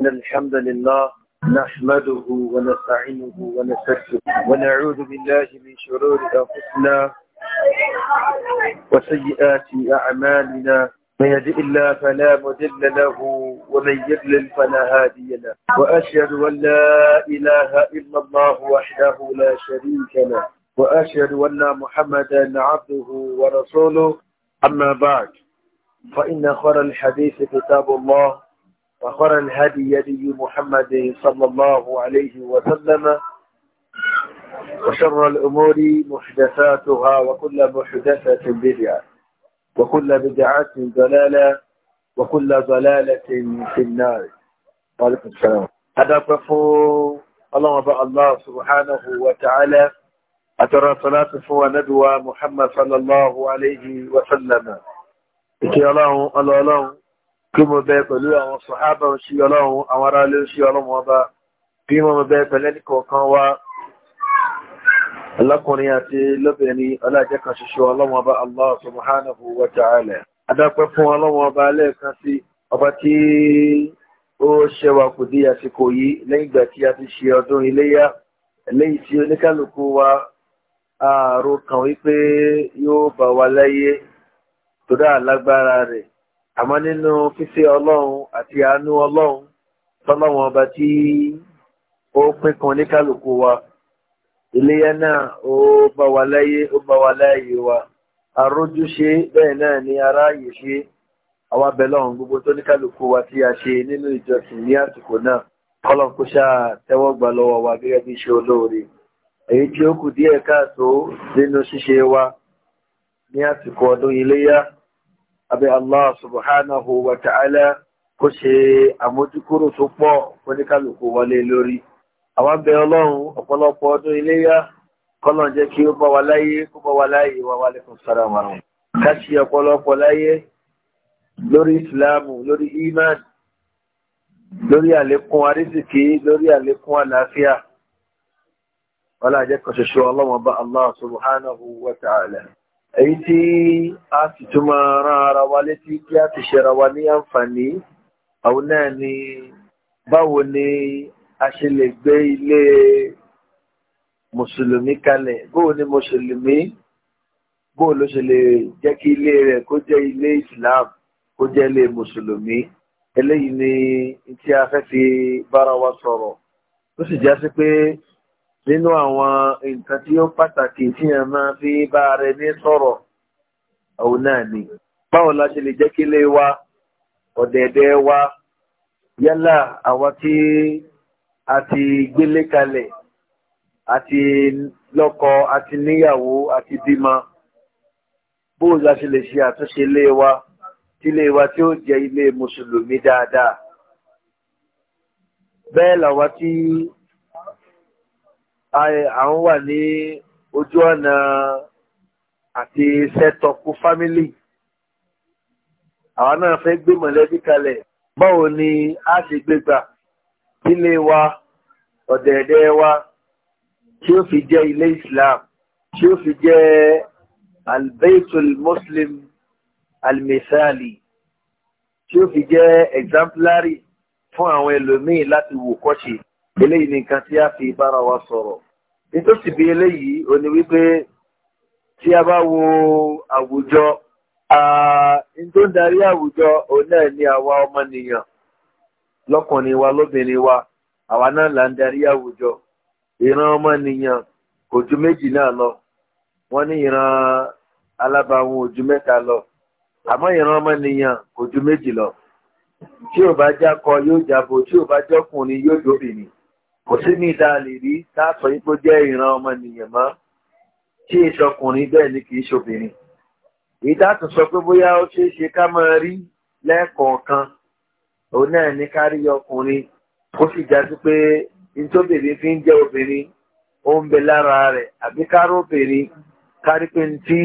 إن الحمد لله نحمده ونستعينه ونستغفره ونعوذ بالله من شرور أنفسنا وسيئات أعمالنا من يهد الله فلا مضل له ومن يضلل فلا هادي له وأشهد أن لا إله إلا الله وحده لا شريك له وأشهد أن محمدا عبده ورسوله أما بعد فإن خير الحديث كتاب الله وخر الهدي يدي محمد صلى الله عليه وسلم وشر الأمور محدثاتها وكل محدثة بدعة وكل بدعة ضلالة وكل ضلالة في النار وعليكم السلام هذا كفو بأ الله سبحانه وتعالى أترى صلاة فو ندوى محمد صلى الله عليه وسلم إكي الله الله الله kí mo bẹ pẹ̀lú àwọn sọ̀hábà ń ṣí ọlọ́run àwọn ará ilé ń ṣí ọlọ́run ọba kí mo bẹ pẹ̀lú ẹnì kọ̀ọ̀kan wá alákùnrin àti lóbìnrin ọlájẹ́ kan ṣoṣo ọlọ́run ọba Allah subhanahu wa ta'ala adápẹ́ fún ọlọ́run ọba lẹ́ẹ̀kan sí ọba tí ó ṣẹwà kù dí àsìkò àmọ́ nínú fífẹ́ ọlọ́run àti àánú ọlọ́run tọ́lọ́wọ́n ọba tí ó pín kan ní kálukú wa iléyà náà ó bá wa láyé ó bá wa láàyè wa àrójú ṣe bẹ́ẹ̀ náà ni aráàyè ṣe àwa bẹ̀lẹ̀ gbogbo tó ní kálukú wa tí a ṣe nínú ìjọsìn ní àsìkò náà kọ́lọ̀ kó ṣáà tẹ́wọ́ gbà lọ́wọ́ wa gẹ́gẹ́ bí iṣẹ́ olóore èyí tí ó kù díẹ̀ káàtó nínú ṣíṣe wa ní àsìkò ọdún iléyà abẹ́ Allah subhanahu wa ta'ala kó ṣe àmójúkúrò tó pọ̀ oníkálùkù wọlé lórí àwọn abẹ́ ọlọ́run ọ̀pọ̀lọpọ̀ ọdún iléyá kọ́lọ̀n jẹ́ kí ó bá wa láyé kó bá wa láyé wa wa alaikum salaam wa rahmatullahi ká ṣe ọ̀pọ̀lọpọ̀ láyé lórí ìsìláàmù lórí iman lórí àlékún arísìkí lórí àlékún àlàáfíà wọ́n láàjẹ́ kan ṣoṣo ọlọ́wọ́n bá Allah subhanahu wa ta'ala èyí tí a sì tún máa rán ara wa létí kí a ti ṣe ara wa ní àǹfààní àwọn náà ni báwo ni a ṣe lè gbé ilé mùsùlùmí kalẹ̀ bóò ni mùsùlùmí bóò ló ṣe lè jẹ́ kí ilé rẹ̀ kó jẹ́ ilé islam kó jẹ́ ilé mùsùlùmí eléyìí ni tí a fẹ́ fi bára wa sọ̀rọ̀ tó sì já sí pé nínú àwọn nǹkan tí ó pàtàkì tí a máa fi bá rẹ ní sọ̀rọ̀ òun náà ni báwo la ṣe lè jẹ́ kí ilé wa ọ̀dẹ̀ẹ̀dẹ̀ wa yálà àwọn tí a ti gbélé kalẹ̀ àti lọ́kọ àti níyàwó àti bímọ bó la ṣe lè ṣe àtúnṣe ilé wa tí ilé wa tí ó jẹ́ ilé mùsùlùmí dáadáa bẹ́ẹ̀ làwa tí àwọn wà ní ojú ọ̀nà àti sẹ́tọ̀kù fámílì àwọn náà fẹ́ gbé mọ̀lẹ́bí kalẹ̀ báwo ni a ṣe gbégbà sílé wa ọ̀dẹ̀ẹ̀dẹ̀ wa tí ó fi jẹ́ ilé Islam tí ó fi jẹ́ albaitul muslim almithali tí ó fi jẹ́ exemplary fún àwọn ẹlòmíì láti wò kọ́ṣe eléyìí nìkan tí a fi bára wa sọ̀rọ̀ nítòsí bí eléyìí ò ní wípé tí a bá wo àwùjọ n tó ń darí àwùjọ òun náà ni àwa ọmọnìyàn lọ́kùnrin wa lóbìnrin wa àwa náà là ń darí àwùjọ ìran ọmọnìyàn kò ju méjì náà lọ wọn ní ìran alábàáwọn ò ju lọ àmọ́ ìran ọmọnìyàn kò ju méjì lọ tí ò bá jákọ yóò jábo tí ò bá jọkùnrin yóò jóbìnrin kò sí ní ìdá lè rí táàtọ̀ yípo jẹ́ ìran ọmọnìyàn mọ́ tí èso ọkùnrin bẹ́ẹ̀ ni kìí ṣobìnrin èyí táàtọ̀ sọ pé bóyá ó ṣeé ṣe ká máa rí lẹ́ẹ̀kọ̀ọ̀kan òun náà ní ká rí ọkùnrin kó sì jáde pé nítòbìnrin fi ń jẹ́ obìnrin ó ń bẹ lára rẹ̀ àbí káró obìnrin kárí pé tí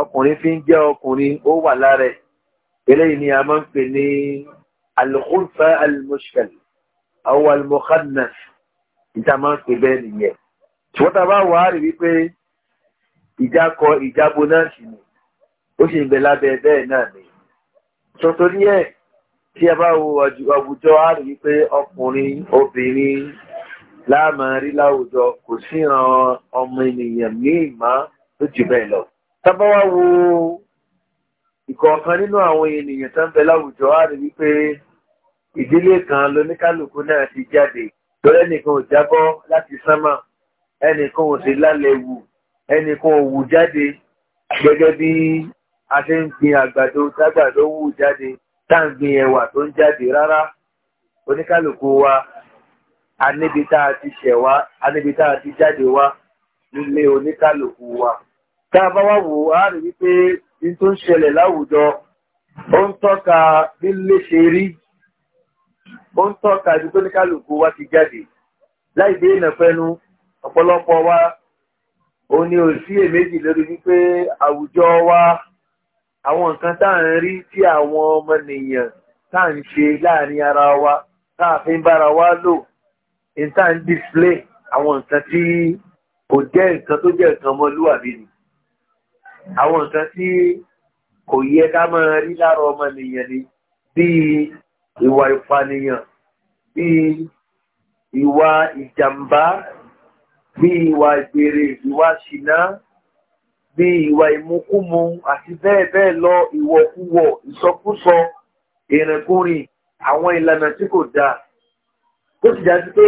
ọkùnrin fi ń jẹ́ ọkùnrin ó wà lára rẹ̀ eléyìí ni a máa ń pè ní al-khulfa àwọn alimọ̀kánná ìta máa ń pè bẹ́ẹ̀ nìyẹn ṣùgbọ́n tá a bá wà á rí wípé ìjà kọ ìjábo náà sì ni ó sì ń bẹ lábẹ́ bẹ́ẹ̀ náà ni sọtorí ẹ̀ tí a bá wo àwùjọ á rí wípé ọkùnrin obìnrin láàmà láwùjọ kò síran ọmọ ènìyàn ní ìmọ̀ tó jù bẹ́ẹ̀ lọ tá a bá wá wo ìkọ̀ọ̀kan nínú àwọn ènìyàn tó ń bẹ láwùjọ á rí wípé ìdílé kan lóníkálukú náà ti jáde torí ẹnìkan ò jábọ́ láti sánmà ẹnìkan ò sí lálẹ́ wù ẹnìkan ò wù jáde gẹ́gẹ́ bí a ṣe ń gbin àgbàdo tágbàdo wù jáde tá à ń gbin ẹ̀wà tó ń jáde rárá oníkálukú wa a níbi tá a ti ṣẹ̀ wá a tá a ti jáde wá nílé oníkálukú wa tá a bá wá wò á rí wípé ní tó ń ṣẹlẹ̀ láwùjọ ó ń tọ́ka bí lè ṣe rí ó ń tọ́ka ibi tó ní kálukú wa ti jáde láì dé ìnàfẹ́nu ọ̀pọ̀lọpọ̀ wa òun ni ò sí èméjì lórí wípé àwùjọ wa àwọn nǹkan tá à ń rí tí àwọn ọmọnìyàn tá à ń ṣe láàrin ara wa tá a fi ń bára wa lò ìta ń display àwọn nǹkan tí kò jẹ́ nǹkan tó jẹ́ nǹkan ọmọlúwàbí ni àwọn nǹkan tí kò yẹ ká máa rí lára ọmọnìyàn ni bíi ìwà ìpànìyàn bíi ìwà ìjàmbá bíi ìwà ìbèrè ìwà ṣìná bíi ìwà ìmúkúmu àti bẹ́ẹ̀ bẹ́ẹ̀ lọ ìwọ̀kúwọ̀ ìsọkúsọ ìrìnkúrìn àwọn ìlànà tí kò dáa tó ti dájú pé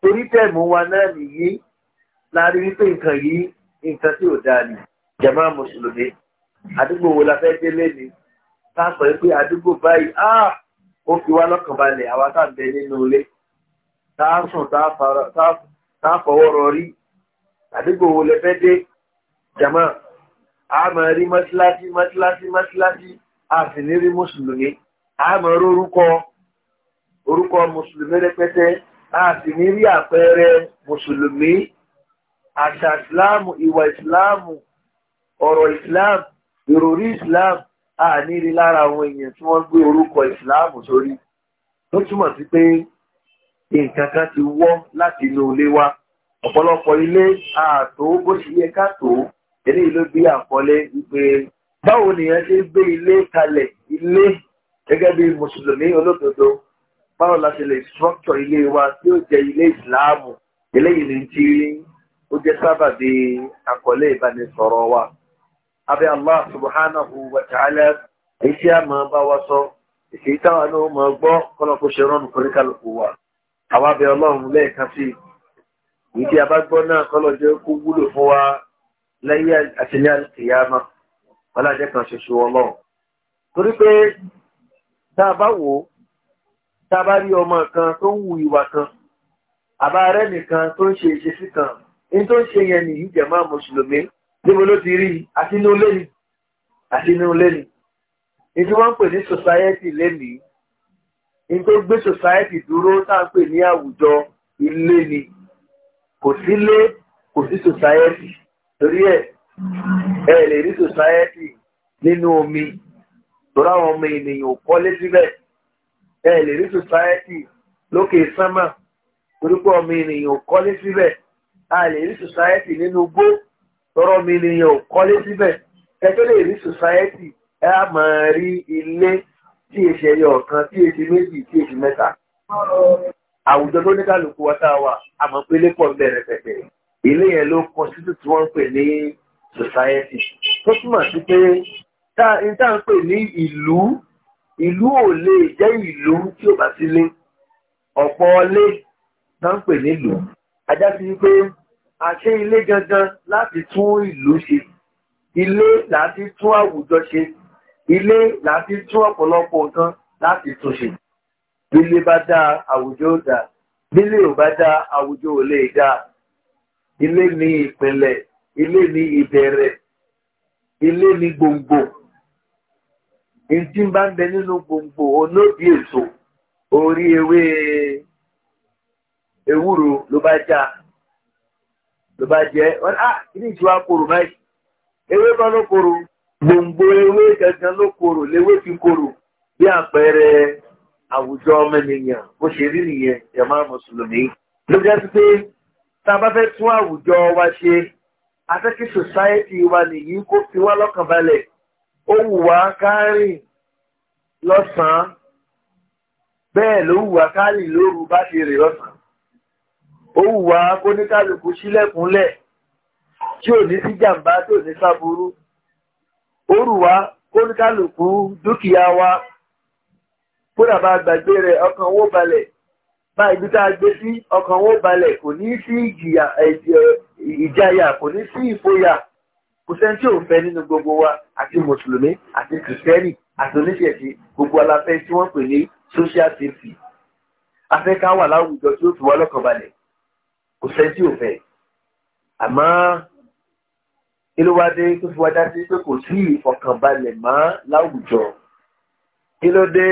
torí tẹ̀mú wa náà nìyí láàrin wípé nǹkan yìí nǹkan tí ò dáa ni jama mùsùlùmí àdúgbò wo la fẹ́ délé ni tá sọ pé àdúgbò báyìí ah! ó fi wá lọ́kàn balẹ̀ àwa tá bẹ nínú ilé tá sùn tá fọwọ́ rọrí àdúgbò wo lẹ fẹ́ dé jama a máa rí mọ́síláṣí mọ́síláṣí mọ́síláṣí a sì ní rí mùsùlùmí a máa rí orúkọ orúkọ mùsùlùmí rẹpẹtẹ a sì ní rí àpẹẹrẹ mùsùlùmí àṣà ìsìláàmù ìwà ìsìláàmù ọ̀rọ̀ ìsìláàmù ìròrí ìsìláàmù àníri lára àwọn èèyàn tí wọ́n gbé orúkọ ìsìláàmù sórí tó túmọ̀ sí pé nǹkan kan ti wọ́ láti inú ilé wa ọ̀pọ̀lọpọ̀ ilé ààtò bó ṣe yẹ ká tó eléyìí ló bí àkọlé wípé báwo nìyẹn ṣe gbé ilé kalẹ̀ ilé gẹ́gẹ́ bí mùsùlùmí olódodo báwo la ṣe lè structure ilé wa tí ó jẹ́ ilé ìsìláàmù eléyìí ni ti ó jẹ́ sábàbí àkọlé ìbánisọ̀rọ̀ wa abẹ́ Allah subhanahu wa ta'ala èyí tí a máa bá wa sọ èsì táwa náà máa gbọ́ kọ́lọ́kó ṣe rọ́nù fún kálukú wa àwa bẹ ọlọ́run lẹ́ẹ̀kan sí èyí tí a bá gbọ́ náà kọ́lọ́ jẹ́ kó wúlò fún wa lẹ́yìn àtìlẹ́ àtìyámá ọlájẹ́ kan ṣoṣo ọlọ́run torí níbo ló ti rí àti inú ilé ni àti inú ilé ni ní tí wọ́n ń pè ní society lẹ́nìí ní tó gbé society dúró tá à ń pè ní àwùjọ ilé ni kò sílé kò sí society torí ẹ ẹ lè rí society nínú omi torí àwọn ọmọ ènìyàn ò kọ́lé síbẹ̀ ẹ lè rí society lókè sánmà torí pé ọmọ ènìyàn ò kọ́lé síbẹ̀ a lè rí society nínú gbó tọrọ mi nìyẹn ò kọ́lé síbẹ̀ ẹjọ́ lè rí society ẹ á máa rí ilé tí èsì ẹyọ ọ̀kan tí èsì méjì tí èsì mẹ́ta àwùjọ tó ní kálukú wa tá a wà àmọ́ pé ilé pọ̀ ń bẹ̀rẹ̀ pẹ̀pẹ̀ ilé yẹn ló constitute tí wọ́n ń pè ní society tó túmọ̀ sí pé n tá à ń pè ní ìlú ìlú ò lè jẹ́ ìlú tí ò bá sílé ọ̀pọ̀ ọlé tá ń pè nílùú ajá sí pé àṣẹ ilé gangan láti tún ìlú ṣe ilé láti tún àwùjọ ṣe ilé láti tún ọ̀pọ̀lọpọ̀ nǹkan láti tún ṣe bílé bá dáa àwùjọ ò dáa bílé ò bá dáa àwùjọ ò lè dáa ilé ní ìpínlẹ̀ ilé ní ìbẹ̀rẹ̀ ilé ní gbòǹgbò ìdí bá ń bẹ nínú gbòǹgbò olóòdì èso orí ewé ewúro ló bá já ló bá jẹ́ wọ́n á ah, kí ní ìtura korò báyìí ewé kan ló korò gbòǹgbò ewé gangan ló korò léwé fi korò bí àpẹẹrẹ àwùjọ ọmọnìyàn bó ṣe rí nìyẹn jàmá mùsùlùmí ló jẹ́ pé tá a bá fẹ́ tún àwùjọ wa ṣe afẹ́kí sòsáyẹ́tì wa nìyí kó fi wá lọ́kàn balẹ̀ ó wù wá kárìn lọ́sàn-án bẹ́ẹ̀ ló wù wá kárìn lóru bá ṣe rè lọ́sàn-án ó wùwá kó ní kálukú sílẹ̀kúnlẹ̀ tí ò ní sí jàǹbá tí ò ní sáburú ó rùwá kó ní kálukú dúkìá wa kódà bá gbàgbé rẹ̀ ọkàn owó balẹ̀ bá ibi tá a gbé sí ọkàn owó balẹ̀ kò ní sí ìjayà kò ní sí ìfòyà kò sẹ́ni tí ò fẹ́ nínú gbogbo wa àti mùsùlùmí àti kìrìsìtẹ́nì àti oníṣẹ̀ṣe gbogbo aláfẹ́ tí wọ́n pè ní social safety afẹ́ká wà láwùjọ tí ó fi wá lọ́kàn balẹ̀ kò sẹ́ni tí ò fẹ́ àmọ́ kí ló wá dé tó fi wá dá sí pé kò sí ìfọkànbalẹ̀ mọ́ láwùjọ kí ló dé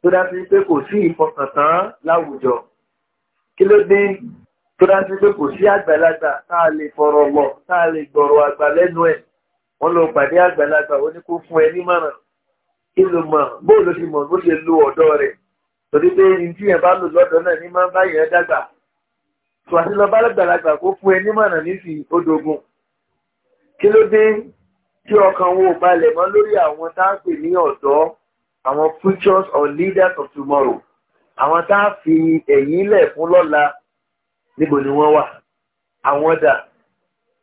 tó dá sí pé kò sí ìfọkàntán láwùjọ kí ló dé tó dá sí pé kò sí àgbàlagbà tá a lè fọ̀rọ̀ lọ tá a lè gbọ̀rọ̀ àgbà lẹ́nu ẹ̀ wọ́n lọ pàdé àgbàlagbà ó ní kó fún ẹ nímọ̀ràn kí ló mọ̀ bóòlù ti mọ̀ bó ṣe lo ọ̀dọ́ rẹ̀ torí pé ní yẹn bá lò lọ́dọ̀ náà ní máa ń bá yẹn dàgbà tòwàsí lọ bá lọ́gbàlagbà kó fún ẹ nímọ̀ràn nífi odògùn kí ló dé tí ọkàn wo balẹ̀ mọ́ lórí àwọn tá a pè ní ọ̀dọ́ àwọn futures or leaders of tomorrow àwọn tá a fi ẹ̀yìn lẹ̀ fún lọ́la níbo ni wọ́n wà àwọn dà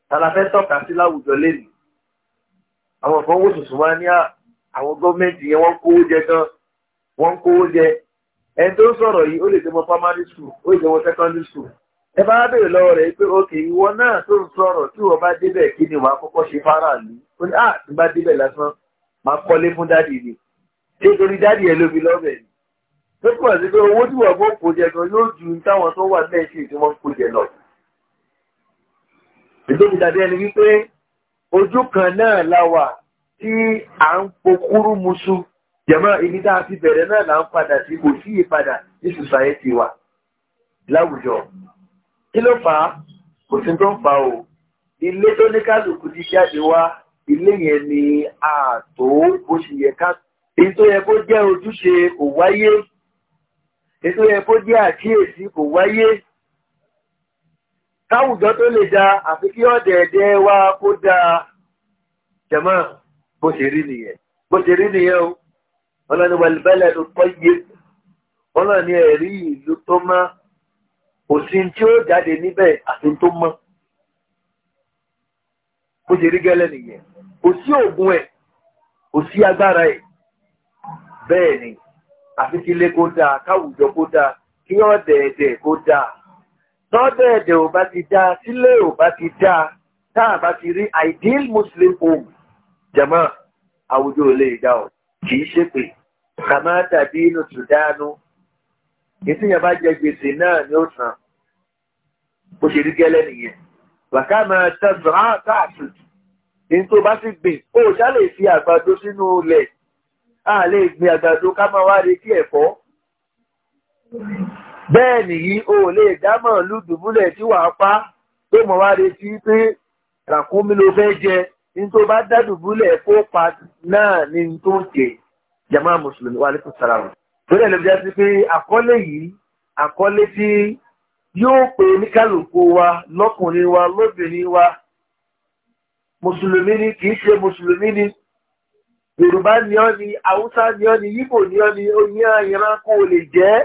tàlàfẹ́ tọ́ka sí láwùjọ lẹ́nu àwọn kan wò sùsùn wá ní àwọn gọ́ọ̀mẹ̀ntì yẹn wọ́n kówó jẹ gan wọ́n kówó jẹ ẹni tó ń sọ̀rọ̀ yìí ó lè jẹ́ mọ́ primary school ó lè jẹ́ mọ́ secondary school ẹ bá bèèrè lọ́wọ́ rẹ̀ pé òkè ìwọ náà tó ń sọ̀rọ̀ tí wọ́n bá débẹ̀ kí ni wàá kọ́kọ́ ṣe fáráàlú ó ní àti ah, bá débẹ̀ lásán máa kọ́lé fún dádì ni ṣé torí dádì ẹ ló fi lọ́bẹ̀ ni tó pọ̀ sí pé owó tí wọ́n kó jẹ gan yóò ju táwọn tó wà náà ṣe tí wọ́n kó jẹ lọ. ìdókòwò dàbí ẹni wípé ojú kan náà la wà tí à ń pokúrú musu jẹ̀mọ́ ibi tá a ti bẹ̀rẹ̀ náà là ń padà sí kò sí ìpadà ní society wa láwùjọ kí ló fà á kò sí tó ń fa o ilé tó ní kálukú ti jáde wá ilé yẹn ni ààtò bó ṣe yẹ ká èyí tó yẹ kó jẹ́ ojúṣe kò wáyé èyí tó yẹ kó jẹ́ àkíyèsí kò wáyé káwùjọ tó lè da àfi kí ọ̀dẹ̀ẹ̀dẹ̀ wa kó dáa jẹ̀mọ́ bó ṣe rí nìyẹn bó ṣe rí nìyẹn o ọlọ́ni wàlúbẹ́lẹ̀ ló tọ́ yé ọlọ́ni ẹ̀rí ìlú tó máa kò sí tí ó jáde níbẹ̀ àti tó mọ́ bó ṣe rí gẹ́lẹ́ nìyẹn kò sí oògùn ẹ̀ kò sí agbára ẹ̀ bẹ́ẹ̀ ni àfi kílé kó dáa káwùjọ kó dáa kí ọ̀dẹ̀ẹ̀dẹ̀ kó dáa tọ́dẹ̀ẹ̀dẹ̀ ò bá ti dáa sílé ò bá ti dáa tá a bá ti rí ideal muslim home jama àwùjọ ò lè dá ọ kì í ṣe pé kàmáà tàbí inú sùdánù ìsìnyàbá jẹ gbèsè náà ni ó san bó ṣe rí gẹ́lẹ́ nìyẹn wàká máa tẹ̀sán káàtù ní tó bá sì gbìn ó ṣá lè fi àgbàdo sínú ilẹ̀ a lè gbìn àgbàdo ká máa wá retí ẹ̀fọ́ bẹ́ẹ̀ nìyí o lè dámọ̀ lùdùmúlẹ̀ tí wàá pa tó mọ̀ wá retí pé ràkúnmí ló fẹ́ jẹ ní tó bá dádùbúlẹ̀ kó pa náà ní tó jẹ jama mùsùlùmí wa alaikum salaam torí ẹ̀ ló fi jẹ́ sí pé àkọ́lé yìí àkọ́lé tí yóò pè ní kálukú wa lọ́kùnrin wa lóbìnrin wa mùsùlùmí ni kìí ṣe mùsùlùmí ni yorùbá ni ọ́ ni haúsá ni ọ́ ni yíbò ni ọ́ ni oyin ìran kó lè jẹ́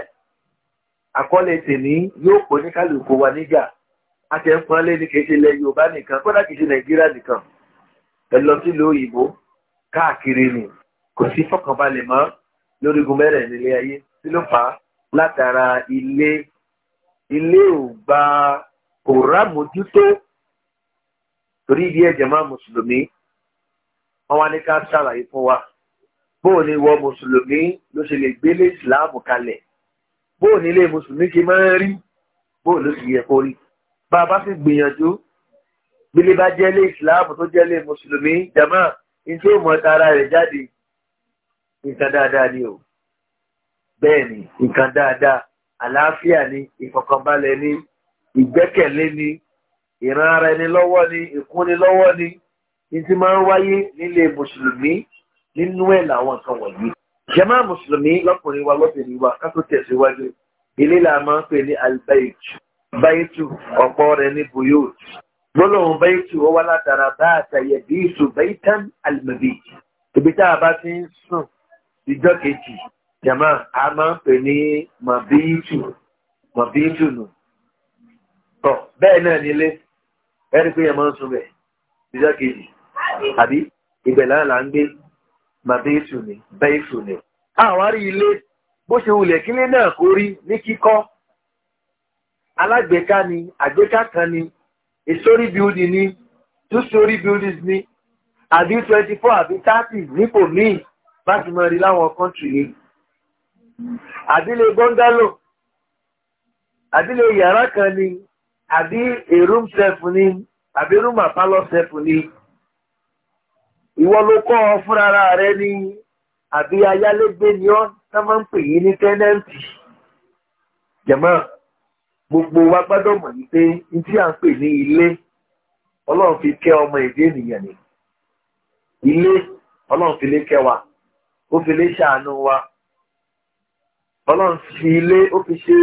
àkọọ́lẹ̀ tèmi yóò pè ní kálukú wa níjà àtẹ̀kùnránlé ni kìí ṣe ilẹ̀ yorùbá nìkan kódà kìí ṣe nàìjíríà nìkan ẹ lọ sílùú òyìnbó káàkiri ni kò sí fọkànbalẹ̀ mọ́ lórí gun mẹ́rẹ̀ẹ́rin ilé ayé tí látara ilé ilé ò gba kò rámójútó torí ibi ẹ̀jẹ̀ máa mùsùlùmí wọ́n wá ní ká ṣàlàyé fún wa bóò ni wọ mùsùlùmí ló ṣe lè gbélé ìsìláàmù kalẹ̀ bóò ni ilé mùsùlùmí ṣe máa ń rí bóò ló sì yẹ kó rí bá a bá sì gbìyànjú bílé bá jẹ́ ilé ìsìláàmù tó jẹ́ ilé mùsùlùmí jama nítorí mọ tara rẹ̀ jáde nǹkan dáadáa ni o bẹ́ẹ̀ ni nǹkan dáadáa àlàáfíà ni ìfọ̀kànbalẹ̀ ni ìgbẹ́kẹ̀lé ni ìran ara ẹni lọ́wọ́ ni ìkúnni lọ́wọ́ ni ní ti máa ń wáyé nílé mùsùlùmí nínú ẹ̀ làwọn kan wọ̀nyí. jàmá mùsùlùmí lọ́kùnrin wa lọ́bìnrin wa ká tó tẹ̀síwájú ilé là máa ń pè ní albaytu baytu ọ̀pọ̀ rẹ̀ ní buyut gbólóhùn baytu ó wá látara báàtà yabisu baytan almabit ibi tá a bá ti ń sùn ìjọ́ kejì jẹ̀mọ́ a máa ń pè ní mọ̀bíjù mọ̀bíjù nù tọ̀ bẹ́ẹ̀ náà nílé ẹni pé yẹn máa ń sun bẹ̀ ìjọ kejì àbí ìgbẹ̀lá là ń gbé mọ̀bíjù ni bẹ́ẹ̀sù ni àwọn arí ilé bó ṣe wulẹ̀ kílé náà kó rí ní kíkọ́ alágbèéká ni àgbéká kan ni a story ni two story buildings ni àbí twenty four àbí thirty nípò míì bá ti mọ̀ rí láwọn kọ́ńtì yìí. Àdílé bọ́ngálò Àdílé yàrá kan ni àbí èrúm sẹ́fù ni àbí rúmà pálọ̀ sẹ́fù ni ìwọ ló kọ́ fúnra rẹ ní àbí ayálégbé ni ọ tá máa pè yí ní tẹ́nẹ́ǹtì jẹ̀mọ́ gbogbo wa gbọ́dọ̀ mọ̀ ní pé ní tí pè ní ilé ọlọ́run ni ilé ọlọ́run fi lé kẹ́ wa ọlọ́run fi ilé ó fi ṣe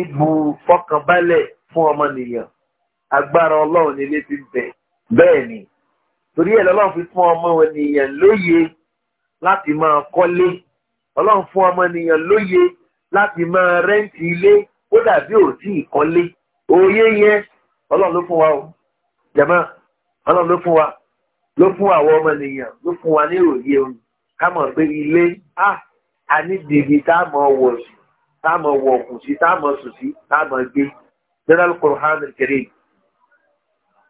ibù fọkànbalẹ̀ fún ọmọnìyàn agbára ọlọ́run ní ti bẹ̀ bẹ́ẹ̀ ni torí ẹ̀ lọ́lọ́run fi fún ọmọnìyàn lóye láti máa kọ́lé ọlọ́run fún ọmọnìyàn lóye láti máa rẹ́ǹtì ilé ó dàbí òtí ìkọ́lé òye yẹn ọlọ́run ló fún wa o jẹ̀mọ́ ọlọ́run ló fún wa ló fún àwọn ọmọnìyàn ló fún wa ní òye o ká mọ̀ pé ilé ah a ní dìgì tá a mọ̀ wọ̀ sí tá a mọ̀ wọ̀ kù sí tá a mọ̀ sùn sí tá a mọ̀ gbé general Qur'an kiri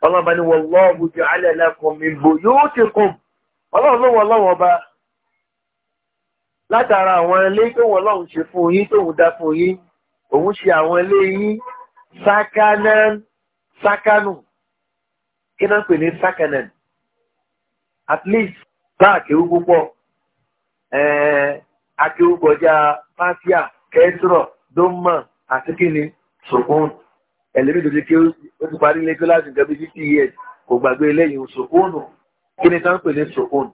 ọlọ́ba ni wallahu ja'ala lakum min buyutikum ọlọ́run ló wọ́n ọba látara àwọn ilé tó wọ́n lọ́run ṣe fún yín tóun dá fún yín òun ṣe àwọn ilé yín sákánán sákánù kí náà pè ní sákánán at least báàkì rú púpọ̀ akéwúkọjá fásíà kẹsìrọ̀ dọ́mọ̀ àti kíni sòkún ẹ̀lẹ́mí tó ti ké ó ti parí lẹ́jọ́ láti nǹkan bíi fifty years kò gbàgbé lẹ́yìn sòkúnù kí ni sáà ń pè ní sòkúnù.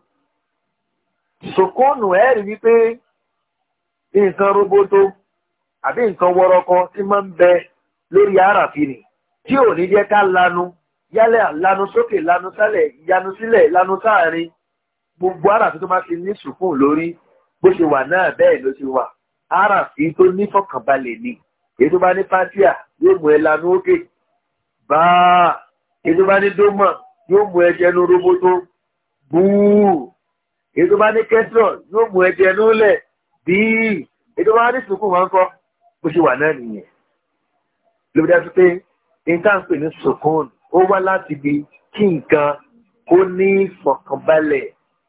sòkúnù ẹ̀ rí wípé nǹkan roboto àbí nǹkan wọ́rọ́kọ tí máa ń bẹ lórí àràfin ni tí ò ní jẹ́ ká lanu yálẹ̀ lanu sókè lanu sálẹ̀ yanu sílẹ̀ lanu sáàrin gbogbo àràfin tó máa ti ní sòkúnù lórí bó ṣe wà náà bẹ́ẹ̀ ló ṣe wà àràfí tó ní fọkànbalẹ̀ ni èyí tó bá ní fatia yóò mú ẹ lanu òkè báà èyí tó bá ní dómọ yóò mú ẹjẹ nu roboto búù èyí tó bá ní kẹtírọ yóò mú ẹjẹ nu lẹ bíi èyí tó bá ní sùkúù wọn kọ bó ṣe wà náà nìyẹn ló bí dájú pé intanpe ní sùkúù ó wá láti bi kí nǹkan kó ní fọkànbalẹ̀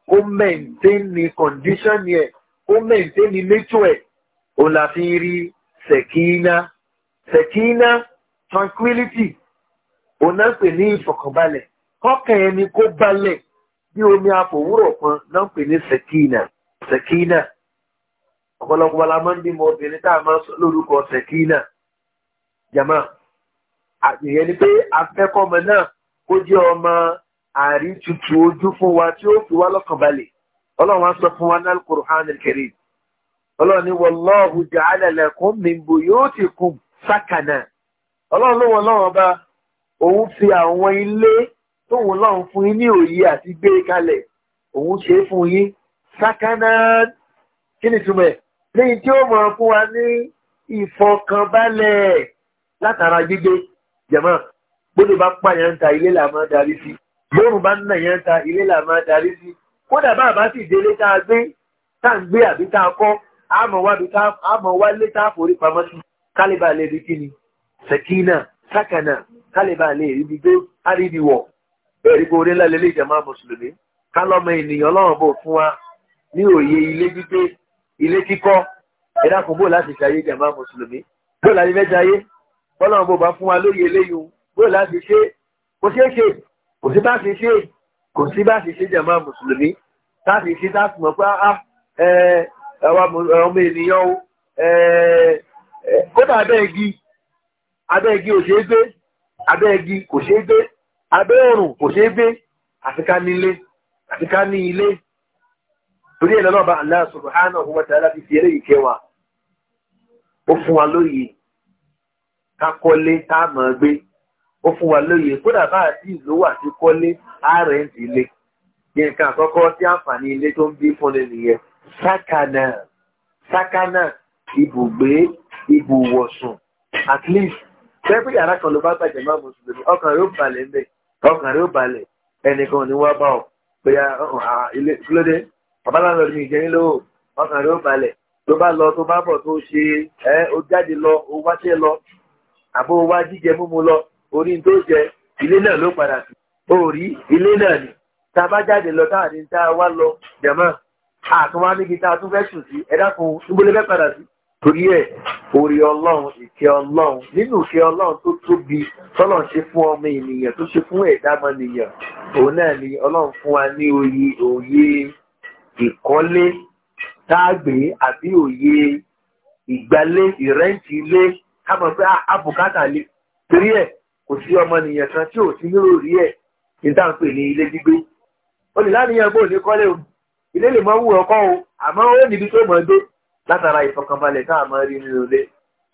kó mẹ́ǹtẹ́ẹ̀nì kọ̀ǹdíṣọ̀nì ẹ̀ ó mẹ́ǹté ní létò ẹ̀ òun la fi rí sẹ̀kínà sẹ̀kínà tranquility òun náà pè ní ìfọ̀kànbalẹ̀ kọ́kàn ẹni kó balẹ̀ bí omi àfòwúrọ̀ kan náà pè ní sẹ̀kínà sẹ̀kínà ọ̀pọ̀lọpọ̀ la máa ń bímọ obìnrin tá a máa sọ lórúkọ sẹ̀kínà jama ìyẹn ni pé afẹ́kọ́mọ náà kó jẹ́ ọmọ àrítutù ojú fún wa tí ó fi wá lọ́kàn ọlọ́run wá sọ fún wa ní al-Qur'an al-Karim ọlọ́run ní wallahu ja'ala lakum min buyutikum sakana ọlọ́run ló wọn lọ́wọ́ bá òun fi àwọn ilé tóun lọ́run fún yín ní òye àti gbé kalẹ̀ òun ṣe é fún yín sakana kí ni túmọ̀ ẹ̀ lẹ́yìn tí ó mọ̀ fún wa ní ìfọkànbalẹ̀ látara gbígbé jẹ̀mọ́ gbọ́dọ̀ bá pààyàn ta ilé là darí sí lóòrùn bá ń ta ilé là darí sí kódà bá àbá sì délé tá a gbé tá à ń gbé àbí tá a kọ́ àmọ̀ wá lé tá a forí pamọ́ sí kálíbà lè rí kíni sẹ̀kínà sákànà kálíbà lè rí bí gbé àríwíwọ̀ ẹ̀rí kó orílẹ̀ lélẹ̀ ìjàmá mùsùlùmí kálọ́mọ ènìyàn ọlọ́run bò fún wa ní òye ilé gbígbé ilé kíkọ́ ẹ̀dá kò bò láti ṣayé ìjàmá mùsùlùmí bó láti fẹ́ ọlọ́run bò bá fún wa lóye eléyìí bó láti ṣe kò ṣeé ṣe kò sí bá ṣe ṣe kò sí bá ṣe ṣe ìjàmá mùsùlùmí táàbì ṣe táàbì mọ̀ pé á ah, ah, ọmọ ènìyàn o kódà abẹ́ẹ̀gì abẹ́ẹ̀gì ò ṣeé gbé abẹ́ẹ̀gì kò gbé abẹ́ òrùn kò gbé àfiká nílé àfiká ní ilé torí fi fi ó fún wa lóye a mọ̀ gbé ó fún wa lóye kódà bá àti ìlú wà sí kọ́lé ń nǹkan àkọ́kọ́ tí àǹfààní ilé tó ń bí fúnni nìyẹn sákànà sákànà ibùgbé ibùwọ̀sùn at least pẹ́pẹ́ yàrá kan ló bá gbàjẹ́ máa mùsùlùmí ọkàn rẹ̀ ó balẹ̀ ń bẹ̀ ọkàn rẹ̀ ó balẹ̀ ẹnìkan ò ní bá ọ pé ilé kílódé babaláwo mi ìjẹ́ nílò ọkàn lọ tó bá bọ̀ tó ṣe o jáde lọ o wáṣẹ́ lọ àbó o wá jíjẹ múmu lọ orí tó jẹ ilé o rí ilé náà ni tàbá jáde lọ táàdé tá a wá lọ jẹ̀mọ́ àtúnwá níbi tá a tún fẹ́ sùn sí ẹ̀dá kan níbólé fẹ́ padà sí. torí ẹ̀ orí ọlọ́run ìkẹ́ ọlọ́run nínú ìkẹ́ ọlọ́run tó tóbi tọ́lọ̀ ṣe fún ọmọ ènìyàn tó ṣe fún ẹ̀dá ọmọnìyàn òun náà ni ọlọ́run fún wa ní òye òye ìkọ́lé táàgbé àbí òye ìgbálé ìrẹ́ǹtì ilé kámọ̀ pé àbùkátà lè torí ẹ̀ kò sí ọmọnìyàn kan tí ò sí nírò rí ẹ̀ ní táà ń pè ní ilé gbígbé olùláníyàn bò ní kọ́lé o ilé lè mọ́ wù ọkọ́ o àmọ́ ó níbi tó mọ̀ dé látara ìfọkànbalẹ̀ tá a máa rí nínú ilé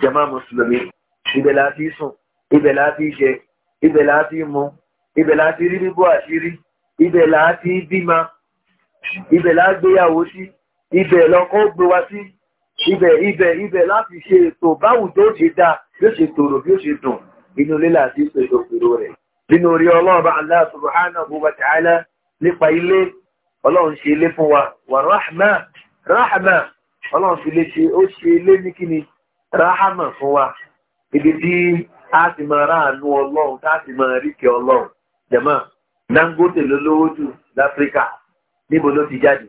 jàmá mùsùlùmí ibẹ̀ la fi sùn ibẹ̀ la fi jẹ ibẹ̀ la fi mu ibẹ̀ la fi rí bíbó àṣírí ibẹ̀ la fi bímọ ibẹ̀ la gbéyàwó sí ibẹ̀ lọkọ́ gbé wa sí ibẹ̀ ibẹ̀ ibẹ̀ láti ṣe ètò báwùjọ ó ṣe dáa bí ó ṣe tòrò bí ó ṣe dùn inú ilé láti ṣètò ìrò rẹ̀ nínú orí ọlọ́ọ̀bá Allah subhanahu wa ta'ala nípa ilé ọlọ́run ṣe ilé fún wa wà ráhàmà ráhàmà ọlọ́run fi lè ṣe ó ṣe ilé ní kíni ráhàmà ibi tí a ti máa ráàánú ọlọ́run tá a ti máa rí ọlọ́run jẹ̀mọ́ Dangote ló lówó jù láfíríkà níbo ló ti jáde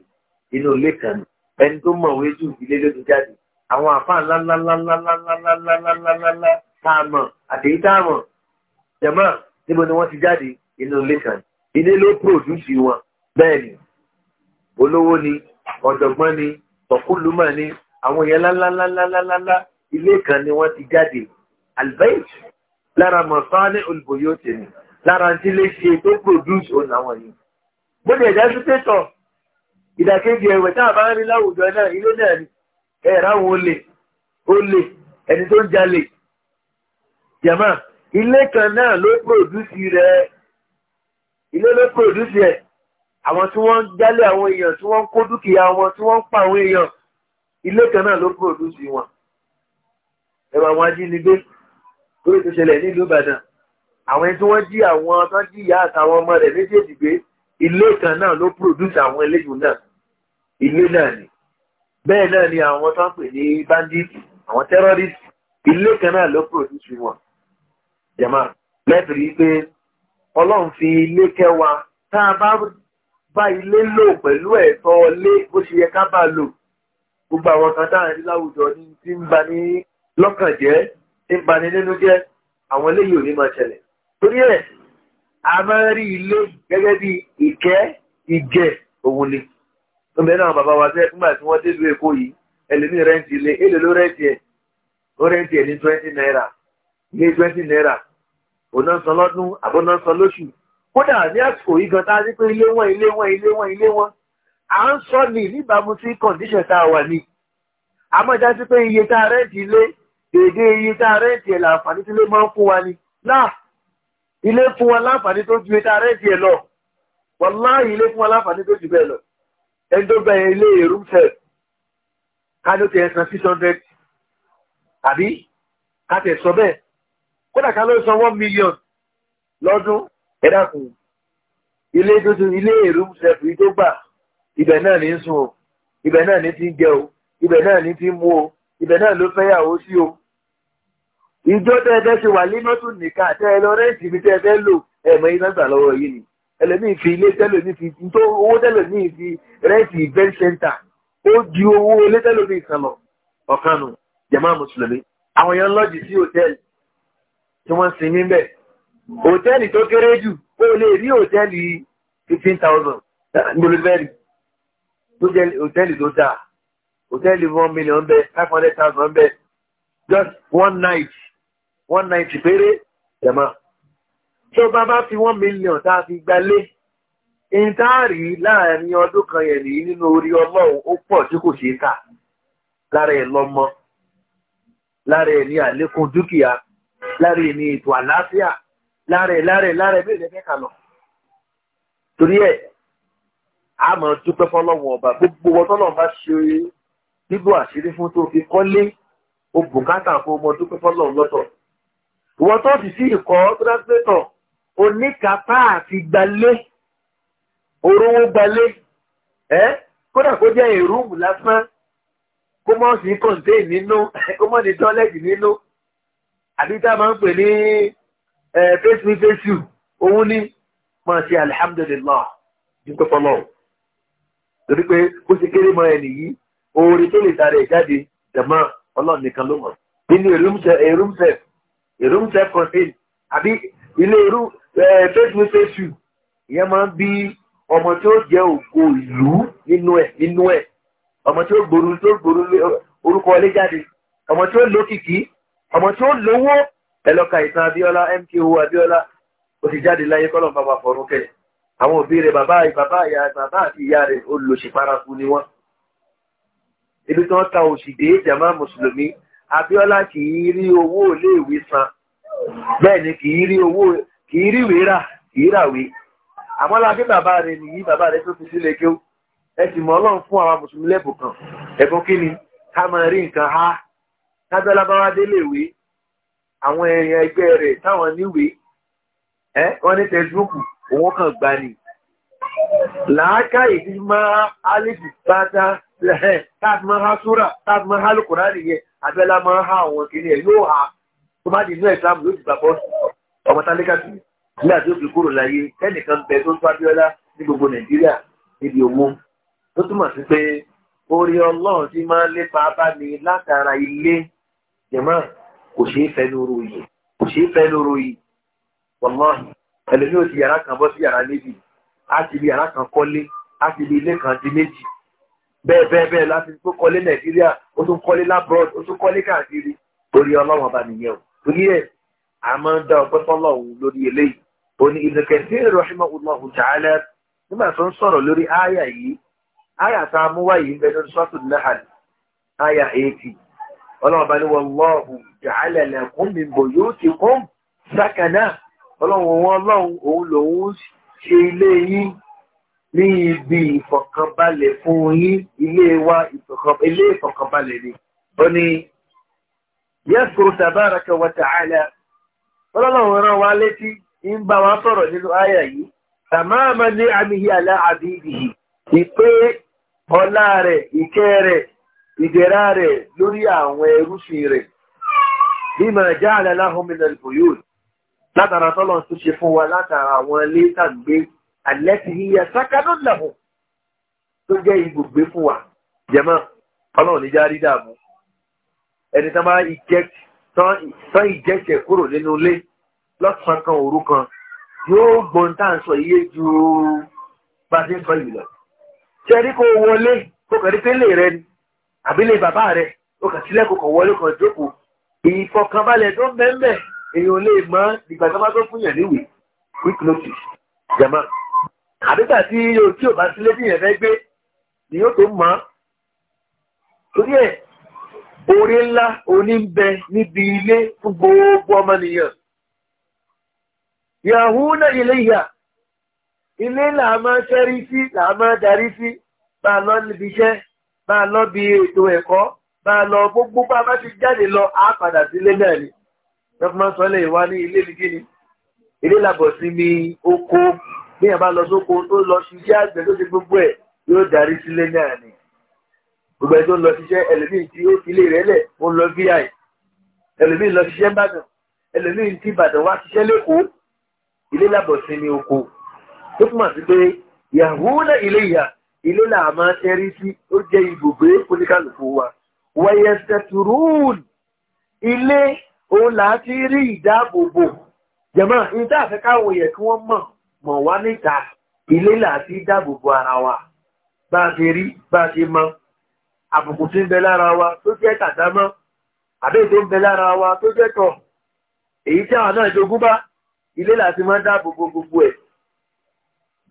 inú ilé kan ẹni tó mọ̀wé jù ilé ló ti jáde àwọn àfa ilé ló pòdúsì wọn bẹ́ẹ̀ ni olówó ni ọ̀jọ̀gbọ́n ni tọ̀kúlùmọ̀ ni àwọn yẹn lálálálálálá ilé kan ni wọ́n ti jáde albert lára mọ̀sánì olùbòyó tèmi lára tí lè ṣe tó pòdúsì òun àwọn yìí bóde ẹ̀dá sípẹ́tọ̀ ìdàkejì ẹ̀wẹ̀ tá a bá ń rí láwùjọ náà ilé náà ni ẹ̀rá àwọn olè olè ẹni tó ń jalè jàmá ilé kan náà ló pòdúsì rẹ̀ ilé ló pòdúsì ẹ̀ àwọn tí wọ́n ń jálẹ̀ àwọn èèyàn tí wọ́n ń kó dúkìá wọn tí wọ́n ń pa àwọn èèyàn ilé kan náà ló pòdúsì wọn ẹ̀rọ àwọn ajínigbé lórí tó ṣẹlẹ̀ nílùú Ìbàdàn àwọn ẹni tí wọ́n jí àwọn tó ń jí ìyá àtàwọn ọmọ rẹ̀ méjèèjì gbé ilé kan náà ló pòdúsì àwọn eléyìí náà ilé náà ni bẹ́ẹ̀ náà ni àwọn tó ń pè ní bandits àwọn terrorists ilé kan náà ló pòdúsì wọn jẹ̀mọ́ lẹ́bìrì pé ọlọ́run fi ilé kẹwàá tá a bá bá ilé lò pẹ̀lú ẹ̀tọ́ ilé bó ṣe yẹ ká bá lò gbogbo àwọn kan táà ní láwùjọ ní ti ń ba ní lọ́kàn jẹ́ ti ń ba ní nínú jẹ́ àwọn eléyìí ò ní máa ṣẹlẹ̀ torí ẹ̀ a máa rí ilé gẹ́gẹ́ bí ìkẹ́ ìjẹ òun ni ó bẹ̀rẹ̀ àwọn bàbá wa tẹ́ nígbà tí wọ́n délu Èkó yìí ẹlẹ́ni rẹ́ǹtì ilé èlò ló rẹ́ǹtì ẹ̀ ó rẹ́ǹtì ẹ̀ ní twenty naira ní twenty naira òná san lọ́dún àbọ̀nà san lóṣù kódà ní àsìkò yìí gan tá a ní pé ilé wọn ilé wọn ilé wọn ilé wọn à ń sọ ní níbàámu sí kọ̀ǹdíṣẹ̀ tá a wà ní àmọ́ ìjà sí pé iye tá a rẹ́ǹtì ilé dèdè iye tá a rẹ́ǹtì ẹ̀ láǹfààní tí ilé máa ń fún wa ni láà ilé fún wa láǹfààní tó ju iye tá a rẹ́ǹtì ẹ̀ lọ wàláhì ilé fún wa láǹfààní tó ju bẹ́ẹ̀ lọ ẹni tó bẹ ilé room service ẹ̀ san six hundred àbí ká sọ bẹ́ẹ̀ kódà ká ló san one million lọ́dún ẹ̀dá kù ilé tuntun ilé èrú sẹ̀fù tó gbà ibẹ̀ náà ní sùn o ibẹ̀ náà ní ti jẹ o ibẹ̀ náà ní ti mú o ibẹ̀ náà ló fẹ́ yàwó sí o ìjọ tẹ́ẹ̀tẹ́ ṣe wà límọ́tò nìkan àti ẹlọ́rẹ́ǹtì ibi tẹ́ẹ̀tẹ́ lò ẹ̀mọ iná gbà lọ́wọ́ yìí ni ẹlẹ́mìí fi ilé tẹ́lẹ̀mìí fi tó owó tẹ́lẹ̀mìí fi rẹ́ǹtì event center ó ju owó ilé tẹ́lẹ̀mìí kan lọ ọ̀kan nù jàmáà mùsùlùmí àwọn èèyàn lọ́ọ̀jì sí hòtẹ́ẹ̀lì tí wọ́n sin níbẹ̀ hòtẹ́ẹ̀lì tó kéré jù ó lè rí hòtẹ́ẹ̀lì fifteen thousand gbólóbẹ́rì tó jẹ́ tó dáa hòtẹ́ẹ̀lì one million five hundred just one night one night péré jẹ̀mọ́ tó bá bá fi one million tá a fi gbalé ìtaàrí láàrin ọdún kan yẹn nìyí nínú orí ọlọ́run ó pọ̀ tí kò ṣeé kà lára ẹ̀ lọ́mọ lára ẹ̀ ní lára ni ètò àlàáfíà lára ẹ̀ lára ẹ̀ lára ẹ̀ bẹ́ẹ̀ lẹ́fẹ́ kà lọ. torí ẹ̀ a máa dúpẹ́ fọlọ́wọ́ ọba gbogbo wọn tọ́lọ́ bá ṣe bíbò àṣírí fún tó fi kọ́lé o bùkátà fún ọmọ dúpẹ́ fọlọ́wọ́ lọ́tọ̀. ìwọ tó sì sí ìkọ́ tó dá pé tọ̀ oníkàtà àti gbalé orówó gbalé ẹ́ kódà kó jẹ́ èrúùmù lásán kó mọ̀ sí kọ̀ǹté nínú kó mọ̀ ní tọ́lẹ́tì nínú àbí tá a máa ń pè ní face me face you òun ni máa ṣe alihamudulilah dúpẹ́ fọlọ́ torí pé ó ṣe kéré mọ ẹnì yìí oore tó lè tara ẹ̀ jáde jẹ̀mọ́ ọlọ́run nìkan ló mọ̀ nínú room self room self contain àbí ilé irú face me face you ìyẹn máa ń bí ọmọ tí ó jẹ́ ògo ìlú nínú ẹ̀ nínú ẹ̀ ọmọ tí ó gbòòrò tí gbòòrò orúkọ ilé ọmọ tí ó lókìkí ọmọ tí ó lówó ẹlọ́ka ìtàn abíọ́lá mko abíọ́lá ó ti jáde láyé kọ́lọ̀ bàbá fọ̀rún kẹ́ àwọn òbí rẹ̀ bàbá bàbá ìyá bàbá àti ìyá rẹ̀ olùṣèpárakú ni wọ́n ibi tí wọ́n ta òṣìdé jama mùsùlùmí abíọ́lá kì í rí owó iléèwé san bẹ́ẹ̀ ni kì í rí owó kì í rí wéra kì í ràwé àmọ́ lábẹ́ bàbá rẹ̀ nìyí bàbá rẹ̀ tó fi sílé kéw ẹ sì mọ́ ọlọ́run fún àwọn mùsùlùmí lẹ́bùn kan ẹ̀bùn kí ni ká máa rí nǹkan há tábẹ́lábáwá déléèwé àwọn èèyàn ẹgbẹ́ rẹ̀ táwọn níwèé ẹ wọ́n ní tẹ̀síbúùkù owó kan gbà ní. làákàyè tí máa alifu pátá lẹ́hẹ̀ táàbí máa ha súrà táàbí máa ha lùkùnrin àdìyẹ abẹ́lá máa ha àwọn kìnìún ẹ̀ yóò ha tó bá di inú ìsìlámù yóò ti gbà bọ́ọ̀sì ọmọ tálákà sí ilé àti òkè kúrò láyé ẹnìkan bẹ tó tó abíọ́lá ní gbogbo nàìjíríà níbi òmu tó túmọ̀ sí pé orí ọlọ́run ti máa lépa bá mi látara ilé jẹ̀mọ́ kò ṣeé fẹ́ lóró yìí kò ṣeé fẹ́ lóró yìí wàláhì ẹlòmí ò ti yàrá kan bọ́ sí yàrá ti di yàrá kan kọ́lé ti di ilé kan di méjì bẹ́ẹ̀ bẹ́ẹ̀ bẹ́ẹ̀ láti tó tún kọ́lé lábọ́ọ̀d ó tún kọ́lé a máa ń dá ọpẹ́ ọlọ́run bá ní wallahu ja'ala lakum min buyutikum sakana ọlọ́run wọn ọlọ́run òun lòun ṣe ilé yín ní ibi ìfọ̀kànbalẹ̀ fún yín ilé wa ilé ìfọ̀kànbalẹ̀ ni ó ní yẹ́sùrù tabaraka wa ta'ala ọlọ́run rán wa létí ń bá wa sọ̀rọ̀ nínú àyà yìí tàmáàmà ní àmì yìí àlá àbí ìdìyí ìpé ọlá rẹ̀ ìkẹ́ rẹ̀ ìdẹ̀ra rẹ̀ lórí àwọn ẹrúsìn rẹ̀ bímọ ẹ̀já àlẹ́ láhùnmínà ìbòyòl látara tọ́lọ̀ tó ṣe fún wa látara àwọn ilé tàgbé alẹ́ ti yíya sákàdún làwọn tó jẹ́ ibùgbé fún wa jẹ̀mọ́ ọlọ́run níjà rí dààmú ẹni tán bá tán ìjẹ́sẹ̀ kúrò nínú ilé lọ́sàn-án kan òru kan yóò gbọ́n tá à ń sọ iye ju bá a ṣe ń sọ ìlọ. ṣe rí kó wọlé kó kẹ́rí pé lè rẹ ni àbílẹ̀ bàbá rẹ̀ ó kà sílẹ̀ kò kàn wọlé kan jókòó ìfọkànbalẹ̀ tó ń bẹ́ẹ̀ èèyàn lè mọ ìgbà tó máa tó fún yàn níwèé quick notice jama àbígbà tí ojú ò bá sílé bí yẹn fẹ́ gbé ni yóò tó mọ́ torí ẹ̀ orí ńlá oní ń bẹ níbi ilé fún gbogbo ọmọnìyàn yahoo náà ilé ìyá ilé làá máa ṣẹ́rí sí làá máa darí sí bá a lọ níbi iṣẹ́ bá a lọ bí ètò ẹ̀kọ́ bá a lọ gbogbo bá bá ti jáde lọ á padà sílé náà ni gọ́fúnmọ́n sọ́lẹ̀ ìwá ní ilé ní gíní ilé làbọ̀ sí mi oko bí yàrá lọ sóko tó lọ ṣiṣẹ́ àgbẹ̀ tó ti gbogbo ẹ̀ yóò darí sílé náà ni gbogbo ẹ̀ tó lọ ṣiṣẹ́ ẹlòmíì tí ó fi ilé rẹ̀ lẹ̀ ó lọ bí àì ẹlòmíì lọ ṣiṣẹ́ Ìbàdàn ẹlòmíì tí Ìbàdàn wá ṣiṣẹ́ lẹ́kọ̀ọ́ ilé làbọ̀ sí mi oko tó túmọ̀ sí pé yàhùn náà ilé ìyá ilé là máa tẹ́rí sí ó jẹ́ ibùgbé oníkàlùkù wa wẹ̀yẹ̀sẹ̀tùrún ilé òun là á ti rí ìdáàbòbò jẹ̀mọ́ ìdá àfẹ́káwò yẹ kí wọ́n mọ̀ mọ̀ wá níta ilé là á ti dáàbòbò ara wa bá a ṣe rí bá a ṣe mọ àbùkù tí ń bẹ lára wa tó jẹ́ tàdámọ́ àbẹ́ tó ń bẹ lára wa tó jẹ́ tọ̀ èyí tí àwọn náà jogún bá ilé là á ti máa dáàbòbò gbogbo ẹ̀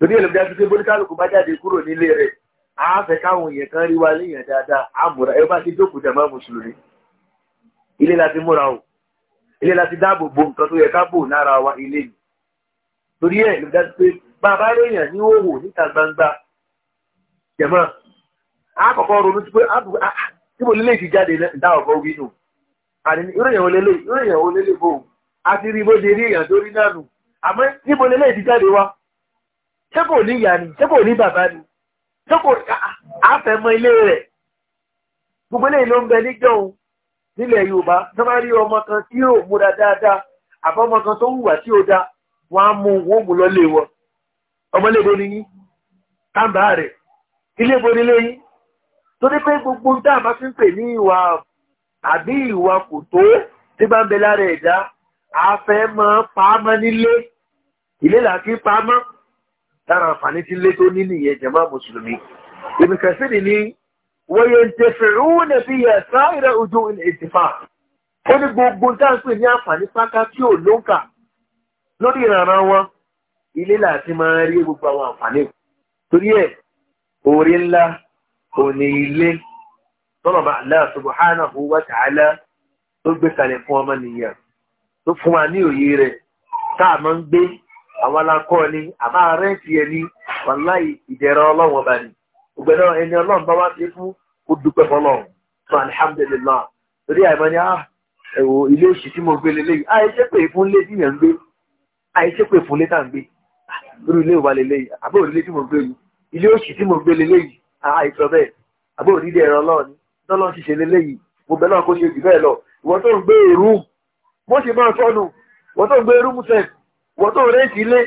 torí ẹ̀lọ́mí dájú pé bóníkálùkù bá jáde kúrò nílé rẹ̀ á fẹ́ káwọn èèyàn kan rí wa léèyàn dáadáa á múra ẹ bá ti jókòó jàmá mùsùlùmí ilé láti múra o ilé láti dáàbò bo nǹkan tó yẹ ká bò lára wa ilé ni torí ẹ̀ ló dájú pé bá a ní òwò níta gbangba jẹ̀mọ́ á kọ́kọ́ ronú sí pé tí mo lélẹ́yìí ti jáde dá ọ̀gọ́ wí nù àní ìròyìn olélẹ́yìí ìròyìn olélẹ́yìí bò á ti rí bó ṣe rí èèyàn tó rí náà nù àmọ́ níbo lélẹ́yìí ti jáde wá ṣé kò ní ìyá ni ṣé kò ní bàbá ni ṣé kò àfẹmọ ah, ilé rẹ̀ gbogbo eléyìí ló ń bẹ níjọ́ òun nílẹ̀ yorùbá tó bá rí ọmọ kan tí yóò múra dáadáa àbọ̀ ọmọ kan tó hùwà tí ó da wọn á mú wọn mú lọlé wọn ọmọlébo ni yín tàǹbà rẹ̀ ilébo nílé yín tó ní pé gbogbo tá a bá fi ń pè ní ìwà àbí ìwà kò tó tí bá ń bẹ lára ẹ̀dá àfẹ́ mọ́ pamọ́ nílé ilé làá fi pamọ́ lára àǹfààní tí lé tó ní nìyẹn jẹ̀mọ́ mùsùlùmí ibi kẹsìdì ni wọ́yẹ ń tẹ̀fẹ̀ òun nàbí yẹ sáìrẹ̀ ojú ìtìfà ó ní gbogbo dáńpẹ̀ ní àǹfààní pátá tí ò lóǹkà lórí ìrànà wọn ilé láti máa rí gbogbo àwọn àǹfààní torí ẹ̀ orí ńlá òní ilé tọ́nà bá Allah subhanahu wa ta'ala tó gbé kalẹ̀ fún ọmọ nìyẹn tó fún wa ní òye rẹ̀ tá a máa ń gbé àwọn alákọ́ ni àmọ́ rẹ́ǹtì ẹni wàláì ìdẹ̀rẹ̀ ọlọ́run ọba ni ògbẹ́nà ẹni ọlọ́run bá wá sí fún ó dúpẹ́ fọlọ́run so alhamdulilah torí àìmọ́ ni ah ẹ̀wò ilé òṣì tí mo gbé lélẹ́yìí àìṣe ah, pé fún lé tí yẹn ń gbé àìṣe ah, pé fún lé tá ń gbé lórí ah, ilé ìwà lélẹ́yìí àbúrò ilé tí mo gbé ni ilé òṣì tí mo gbé lélẹ́yìí àìsọ bẹ́ẹ̀ àbúrò wọ́n tó rẹ̀ sílé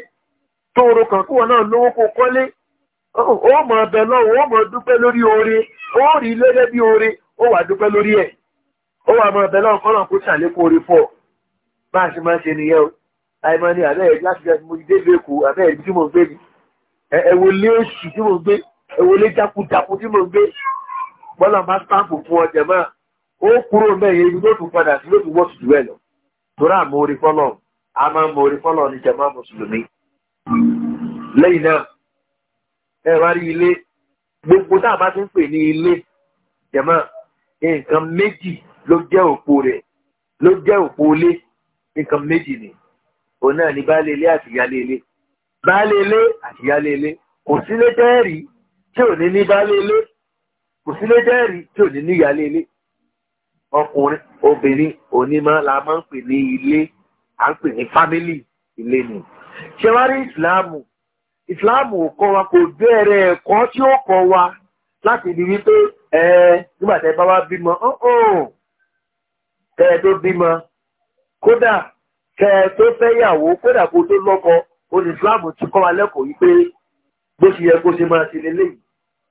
tó orò kan kúwọ̀ náà lówó kó kọ́lé ó mọ̀ ọ̀bẹ̀ lọ́wọ́ ó mọ̀ dúpẹ́ lórí oore ó rí bí oore ó wà dúpẹ́ lórí ẹ̀ ó wà mọ̀ ọ̀bẹ̀ lọ́wọ́ kọ́nà kó oore fọ́ ṣe máa ṣe o àìmọ́ ni àbẹ́ ẹ̀ láti mo dé àbẹ́ ẹ̀ tí mo gbé ẹ̀wò lé oṣù tí mo gbé ẹ̀wò lé fún ọjà máa ó kúrò mẹ́yẹ ibi ló tún padà sí ló tún wọ́ ẹ̀ lọ tó a máa ń mori fọ́lọ̀ ní jama mùsùlùmí lẹ́yìn náà ẹ wá rí ilé gbogbo tá a bá ti ń pè ní ilé jama nǹkan méjì ló jẹ́ òpó rẹ̀ ló jẹ́ òpó ilé nǹkan méjì ni òun náà ni baálé ilé àti ìyálé ilé baálé ilé àti ìyálé ilé kò sílé tẹ́ẹ̀rí tí ò ní ní baálé ilé kò sílé tẹ́ẹ̀rí tí ò ní ní ìyálé ilé ọkùnrin obìnrin òní máa la máa ń pè ní ilé à ń pè ní fámílì ilé ni ṣe wá rí ìsìláàmù ìsìláàmù ò kọ́ wa kò bẹ̀rẹ̀ ẹ̀kọ́ tí ó kọ́ wa láti ibi wípé ẹ nígbà tẹ bá wá bímọ kẹ ẹ tó bímọ kódà kẹ ẹ tó fẹ́yàwó kódà kó tó lọ́kọ òní ìsìláàmù ti kọ́ wa lẹ́kọ̀ọ́ yìí pé bó ṣe yẹ kó ṣe máa ṣe lélẹ́yìí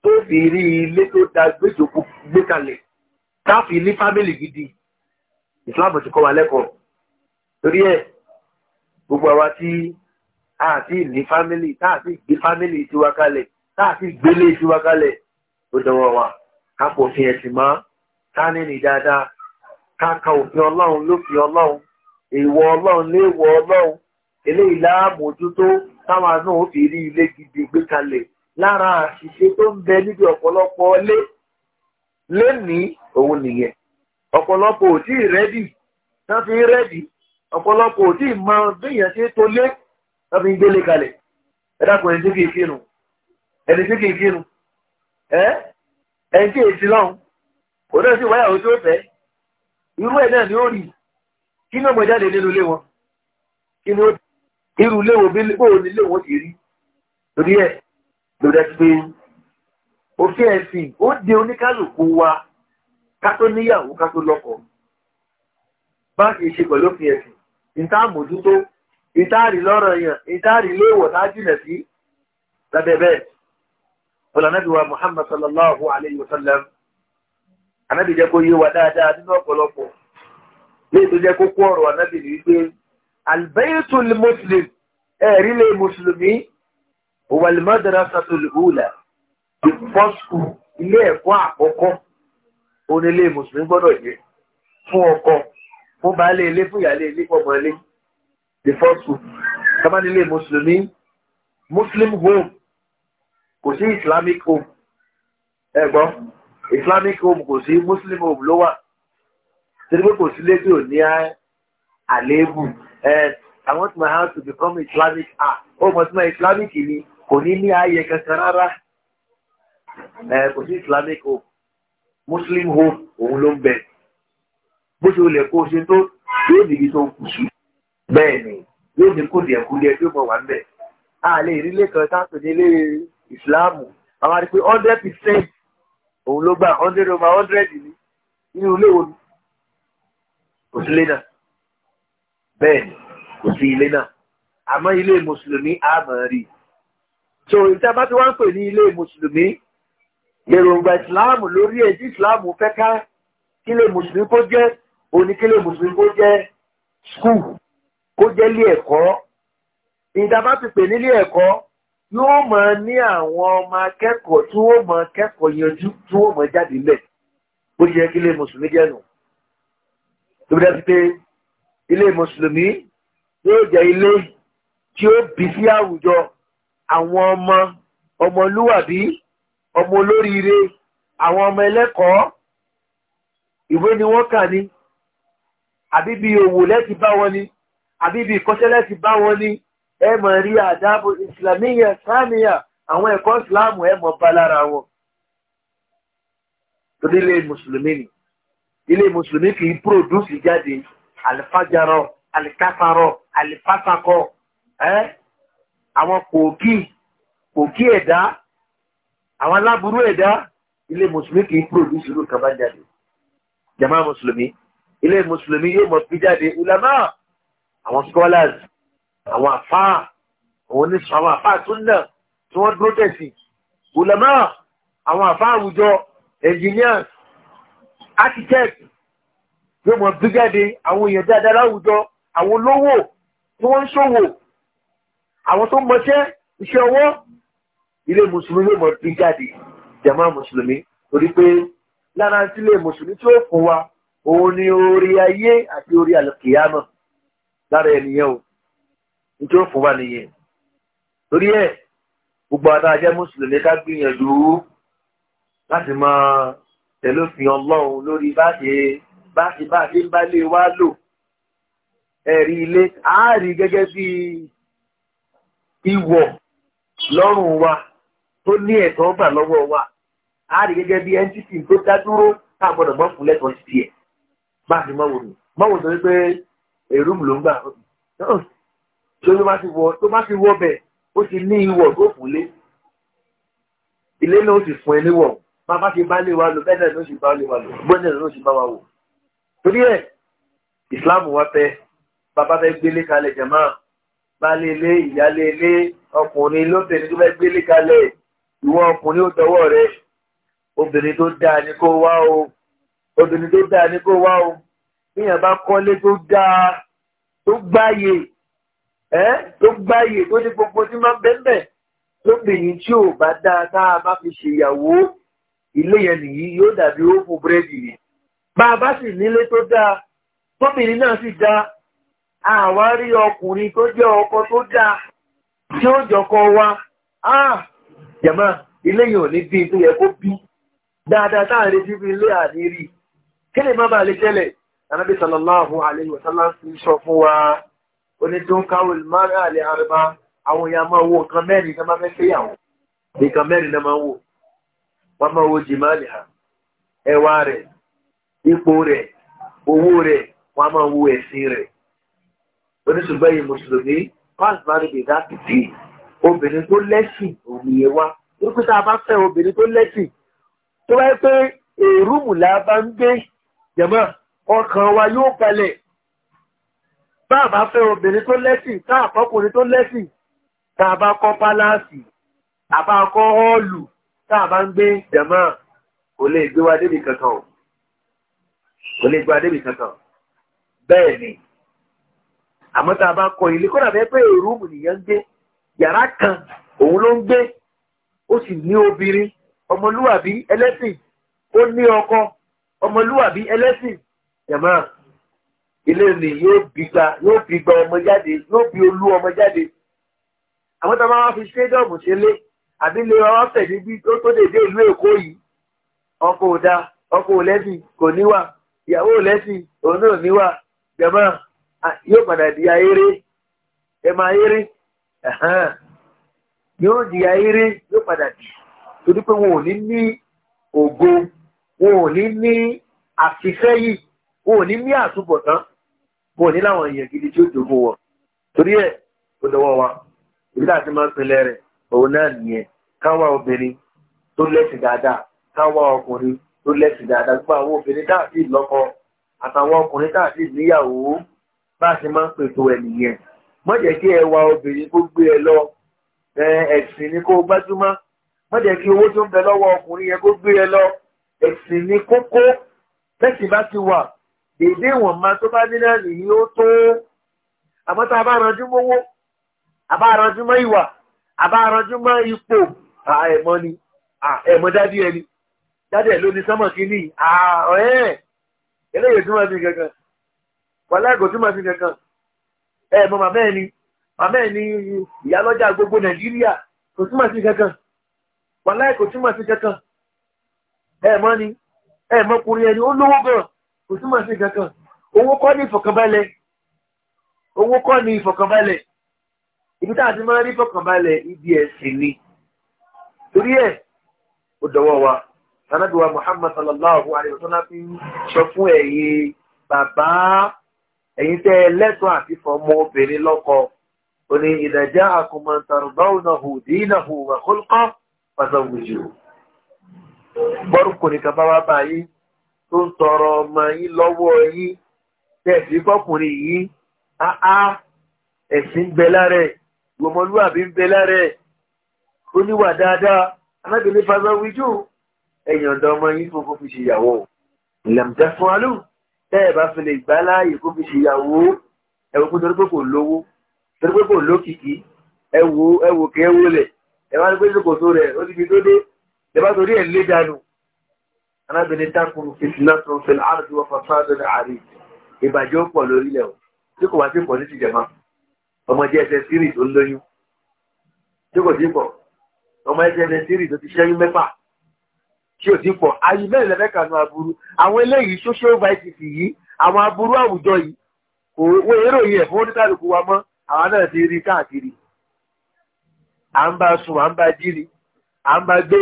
tó fi rí ilé tó da gbèsòkú gbé kalẹ̀ káfí ní fámìlì gidi ìsìláàmù ti kọ́ wa lẹ́kọ̀ọ́. torí ẹ̀ gbogbo àwa tí a ti ní fámílì tá gbé fámílì tiwa kalẹ̀ tá a ti gbélé tiwa kalẹ̀ ó dọwọ́ wa ká pọ̀ fi ẹ̀sìn mọ́ ká nínú dáadáa ká ka òfin ọlọ́run lófin ọlọ́run èèwọ̀ ọlọ́run léèwọ̀ ọlọ́run eléyìí láàmójútó táwọn náà ó fi rí ilé gidi gbé kalẹ̀ lára àṣìṣe tó ń bẹ níbi ọ̀pọ̀lọpọ̀ lé lónìí òun nìyẹn ọ̀pọ̀lọpọ̀ ò tí ì rẹ́dì tán fi rẹ́dì ọ̀pọ̀lọpọ̀ tí ma bíyàn tí tó lé tàbí ń gbélé kalẹ̀ ẹ̀dàkùn ẹni tí kìí kírun ẹni tí kìí kírun ẹ́ ẹni tí èsì lọ́hùn kò náà sí wáyàwó tí ó fẹ́ irú ẹ̀ náà ni ó rí kí ní ọmọ jáde nínú ilé wọn kí ni ó irú ilé wo bí bóò ní ilé wọn ti rí torí ẹ̀ ló pé òfin ẹ̀sìn ó de oníkálùkù wa ká tó níyàwó ká tó lọ́kọ̀ọ́ bá kìí pẹ̀lú òfin ẹ̀sìn ìta àmójútó ìta àrí lọ́rọ̀ yàn ìta àrí léèwọ̀ tá jìnà sí lábẹ́ bẹ́ẹ̀ ọlànàbíwa Muhammad sallallahu alayhi wa sallam anábì jẹ́ kó yé wa dáadáa nínú ọ̀pọ̀lọpọ̀ léè tó jẹ́ kókó ọ̀rọ̀ anábì ní wípé albaytul muslim ẹ̀rí lè mùsùlùmí wal madrasatul ula ìfọ́sùkù ilé ẹ̀kọ́ àkọ́kọ́ onílé mùsùlùmí gbọ́dọ̀ jẹ́ fún ọkọ fún baálé ilé fún ìyálé ilé fún ọmọ ilé the first school kamanilé mùsùlùmí muslim home kò sí islamic home ẹ gbọ́ islamic home kò sí muslim home ló wà torí pé kò sí lédè òní àléébù ẹ i want my house to become islamic ah ó mọ̀ sí ma islamic ni kò ní ní ààyè kankan rárá ẹ kò sí islamic home muslim home òun ló ń bẹ̀rẹ̀ bó ṣe olè kó ṣe tó yóò dìbí tó kù sí bẹ́ẹ̀ ni yóò ní kùdìẹ̀kùdìẹ̀ tó mọ̀ wá ń a lè rí ilé kan sáàtò ní ilé ìsìláàmù àwọn àti pé hundred percent òun ló gbà hundred over hundred ni nínú ilé wo ni kò sí ilé náà bẹ́ẹ̀ ni kò sí ilé náà àmọ́ ilé mùsùlùmí a mọ̀ rí so ìta bá ti wá ń pè ní ilé mùsùlùmí èròǹgbà ìsìláàmù lórí ẹ̀ tí ìsìláàmù fẹ́ ká kí mùsùlùmí kó jẹ́ oníkélé mùsùlùmí kó jẹ́ skul kó jẹ́ ilé ẹ̀kọ́ ìdábà ti pè nílé ẹ̀kọ́ yóò máa ní àwọn ọmọ akẹ́kọ̀ọ́ tí wọ́n máa kẹ́kọ̀ọ́ yanjú tí wọ́n máa jáde lẹ̀ bó ṣe yẹ kí ilé mùsùlùmí jẹ́ nù tó bí dájú pé ilé mùsùlùmí yóò jẹ́ ilé tí ó bí sí àwùjọ àwọn ọmọ ọmọlúwàbí ọmọ olóríire àwọn ọmọ ẹlẹ́kọ̀ọ́ ìwé ni wọ́n kà ní àbí bí owó lẹ́ti bá wọn ni àbí bí ìkọ́ṣẹ́ lẹ́ti bá wọn ni ẹ mọ̀ rí àdábò ìsìlámíyà sáàmìyà àwọn ẹ̀kọ́ ìsìláàmù ẹ mọ̀ bá lára wọn torí ilé mùsùlùmí ni ilé mùsùlùmí kì í pòròdúsì jáde àlìfájarọ àlìkáfarọ àlìfásakọ ẹ àwọn kòókì kòókì ẹ̀dá àwọn aláburú ẹ̀dá ilé mùsùlùmí kì í pòròdúsì ló kaba jáde mùsùlùmí ilé mùsùlùmí yóò mọ̀ fi jáde ulama àwọn scholars àwọn àfáà àwọn oníṣòwò àwọn àfáà tó nà tí wọ́n dúró tẹ̀sí ulama àwọn àfáà àwùjọ engineers architect yóò mọ̀ fi jáde àwọn èèyàn dáadáa láwùjọ àwọn olówó tí wọ́n ń ṣòwò àwọn tó mọṣẹ́ iṣẹ́ ọwọ́ ilé mùsùlùmí yóò mọ̀ fi jáde jàmá mùsùlùmí torí pé lára sílé mùsùlùmí tí ó fún wa òun ni orí ayé àti orí àlùkìyàmọ̀ lára ènìyàn o nítorí fún wa nìyẹn torí ẹ gbogbo àwọn ajá mùsùlùmí ká gbìyànjú láti máa tẹ̀lé òfin ọlọ́run lórí bá ṣe bá ṣe bá ṣe ń bá lé wa lò ẹ̀rí ilé àárí gẹ́gẹ́ bí ìwọ̀ lọ́rùn wa tó ní ẹ̀tọ́ bà lọ́wọ́ wa àárí gẹ́gẹ́ bí ẹnjísìn tó dá dúró tá gbọ́dọ̀ mọ́ fún lẹ́tọ̀ọ́ sí ẹ̀ báàgì máa wò ní máa wò sọ wípé èrú mi ló ń gbà ṣé tó bá ti wọ tó bá ti wọ bẹ ó ti ní ìwọ tó fún lé ilé náà ó sì fún ẹ níwọ bàbá ti bá lè wa lò bẹ́ẹ̀ náà ló sì bá lè wa lò bẹ́ẹ̀ náà ló sì bá wa wò torí ẹ ìsìláàmù wa fẹ́ bàbá fẹ́ gbélé kalẹ̀ jẹ̀má baálé ilé ìyálé ilé ọkùnrin lóbìnrin tó fẹ́ gbélé kalẹ̀ ìwọ ọkùnrin ó tọwọ́ rẹ obìnrin tó dáa ni kó wá o obìnrin tó dáa ní kó wá o níyàn bá kọ́lé tó dáa tó gbáyè ẹ́ tó gbáyè tó ní gbogbo tí máa ń bẹ́ẹ̀ lóbìnrin tí ò bá dáa tá a bá fi ṣèyàwó ilé yẹn nìyí yóò dàbí ófò búrẹ́dì ni bá a bá sì nílé tó dáa tóbìnrin náà sì dáa àwa rí ọkùnrin tó jẹ́ ọkọ tó dáa tí ó jọkọ wa jàmá ilé yẹn ò ní bí tó yẹ kó bí dáadáa táà retí fi ilé àníírí kí lè má bàa lè tẹ́lẹ̀ anábì sallallahu alayhi wa sallam ti sọ fún wa onídùnkáwò mara àlè àrùbá àwọn èèyàn máa wo nǹkan mẹ́rin náà máa fẹ́ fẹ́yàwó nǹkan mẹ́rin náà máa wò wọ́n máa wo jìmáàlì hà ẹwà rẹ̀ ipò rẹ̀ owó rẹ̀ wọ́n máa wo ẹ̀sìn rẹ̀ oníṣùgbọ́yìn mùsùlùmí pàṣípàrọ̀ ìdá kìtì obìnrin tó lẹ́sìn òní yẹn jẹ̀mọ́ ọkàn wa yóò balẹ̀ báàbá fẹ́ obìnrin tó lẹ́sìn táàkọ́kùnrin tó lẹ́sìn tàbá kọ́ pálásì àbá kọ́ ọ́ọ̀lù tàbá ń gbé jẹ̀mọ́ kò lè gbé wa débi kankan kò lè gbé wa débi kankan bẹ́ẹ̀ ni àmọ́ tàbá kọ ilé kọ́nà bẹ́ẹ̀ pé rúùmù nìyẹn ń gbé yàrá kan òun ló ń gbé ó sì ní obìnrin ọmọlúwàbí ẹlẹ́sìn ó ní ọkọ ọmọlúwàbí ẹlẹ́sìn jẹ̀mọ́ ilé ni yóò bí gba yóò bí gba ọmọ jáde yóò bí olú ọmọ jáde àwọn tó máa wá fi ṣédọ̀mù ṣe lé àbí lè wá fẹ̀ níbi tó tó dédé ìlú èkó yìí ọkọ̀ ò da ọkọ̀ ò lẹ́sìn kò níwà ìyàwó ò òun náà níwà jẹ̀mọ́ yóò padà di ayéré ẹ máa ayéré yóò di ayéré yóò padà di torí pé wọn ò ní ní ògo wọn ò ní ní àfisẹ́ yìí wọn ò ní ní àtúbọ̀tán wọn ò ní láwọn èèyàn gidi tí ó jogún wọn torí ẹ̀ ó dọwọ́ wa ìbí láti máa ń pinlẹ̀ rẹ̀ òun náà nìyẹn káwa obìnrin tó lẹ́sìn dáadáa káwa ọkùnrin tó lẹ́sìn dáadáa gbogbo àwọn obìnrin káàdì lọ́kọ àtàwọn ọkùnrin káàdì níyàwó bá a ṣe máa ń pètò ẹ̀ nìyẹn má jẹ́ kí ẹwà obìnrin kó gbé ẹ lọ ẹ̀sìn ni kó gbájúmọ́ má jẹ́ kí owó tó ń bẹ lọ́wọ́ ọkùnrin yẹn kó gbé ẹ lọ ẹ̀sìn ní kókó lẹ́sìn bá ti wà dèdè wọ̀n máa tó bá ní náà nìyí ó tó àmọ́ tá a bá ranjú mówó a bá ranjú mọ́ ìwà a bá ranjú mọ́ ipò ẹ̀mọ́ ni ẹ̀mọ́ dádì ẹni dádì ẹ̀ ló ní sọ́mọ̀ kínní ọ̀rẹ́ eléyìí tí wọ́n ti kankan wàlágò tí wọ́n ti kankan ẹ̀mọ́ màmá ẹ̀ ni màmá ẹ̀ ni ìyálọ́jà gbogbo nàìjíríà kò túmọ̀ sí kankan wàlágò túmọ̀ sí kankan ẹ̀mọ́ ni ẹ̀mọ́kùnrin ẹni ó lówó gan kò túmọ̀ sí kankan owó kọ́ ní ìfọ̀kànbalẹ̀ owó kọ́ ní ìfọ̀kànbalẹ̀ ibi tá a ti máa rí ìfọ̀kànbalẹ̀ ibi ẹ̀sìn ni torí ẹ̀ ó dọ̀wọ́ wa sanaduwa muhammad sallallahu alayhi wa sallam fi sọ fún ẹ̀yin bàbá ẹ̀yin tẹ́ ẹ lẹ́tọ̀ọ́ àti fọmọ obìnrin lọ́kọ ó ní àkùnmọ̀ntàrúbáwò náà hù dín hù wà kólkọ́ pàṣẹ òwúrò bọ́rùkùnrin kan bá wá bá yín tó ń tọrọ ọmọ yín lọ́wọ́ yín tẹ̀sí fọkùnrin yìí áá ẹ̀sìn ń bẹ lára ẹ̀ gbọmọlúwàbí ń bẹ lára ẹ̀ ó níwà dáadáa alábìnrin fasáwíjú ẹ̀yàn ọ̀dọ́ ọmọ yín fún kó fi ṣèyàwó ìlàmùtẹ́ fún alú tẹ́ ẹ̀ bá fi lè gbá láàyè kó fi ṣèyàwó ẹ̀wọ̀n kó torí pé kò lówó torí pé kò lókìkí ẹ̀wò ẹ̀wò kẹ́wò lẹ̀ ẹ̀wọ̀n kó tó rẹ̀ ó ti fi tó dé lẹ́bà torí ẹ̀ lé dànù arábìnrin dákùn fìtínà tó ń fẹ́ àrùn wọn fàfáàdùn àrí ìbàjẹ́ ó pọ̀ lórí lẹ̀ o tí kò wá sí pọ̀ ní ti jẹ̀má ọmọdé ẹsẹ̀ sírì tó ń lóyún tí kò sí pọ̀ ọmọ ẹsẹ̀ sírì tó ti ṣẹ́yún mẹ́fà tí ò sí pọ̀ ayé mẹ́rin lẹ́fẹ́ kànú aburú àwọn eléyìí social vices yìí àwọn aburú àwùjọ yìí kò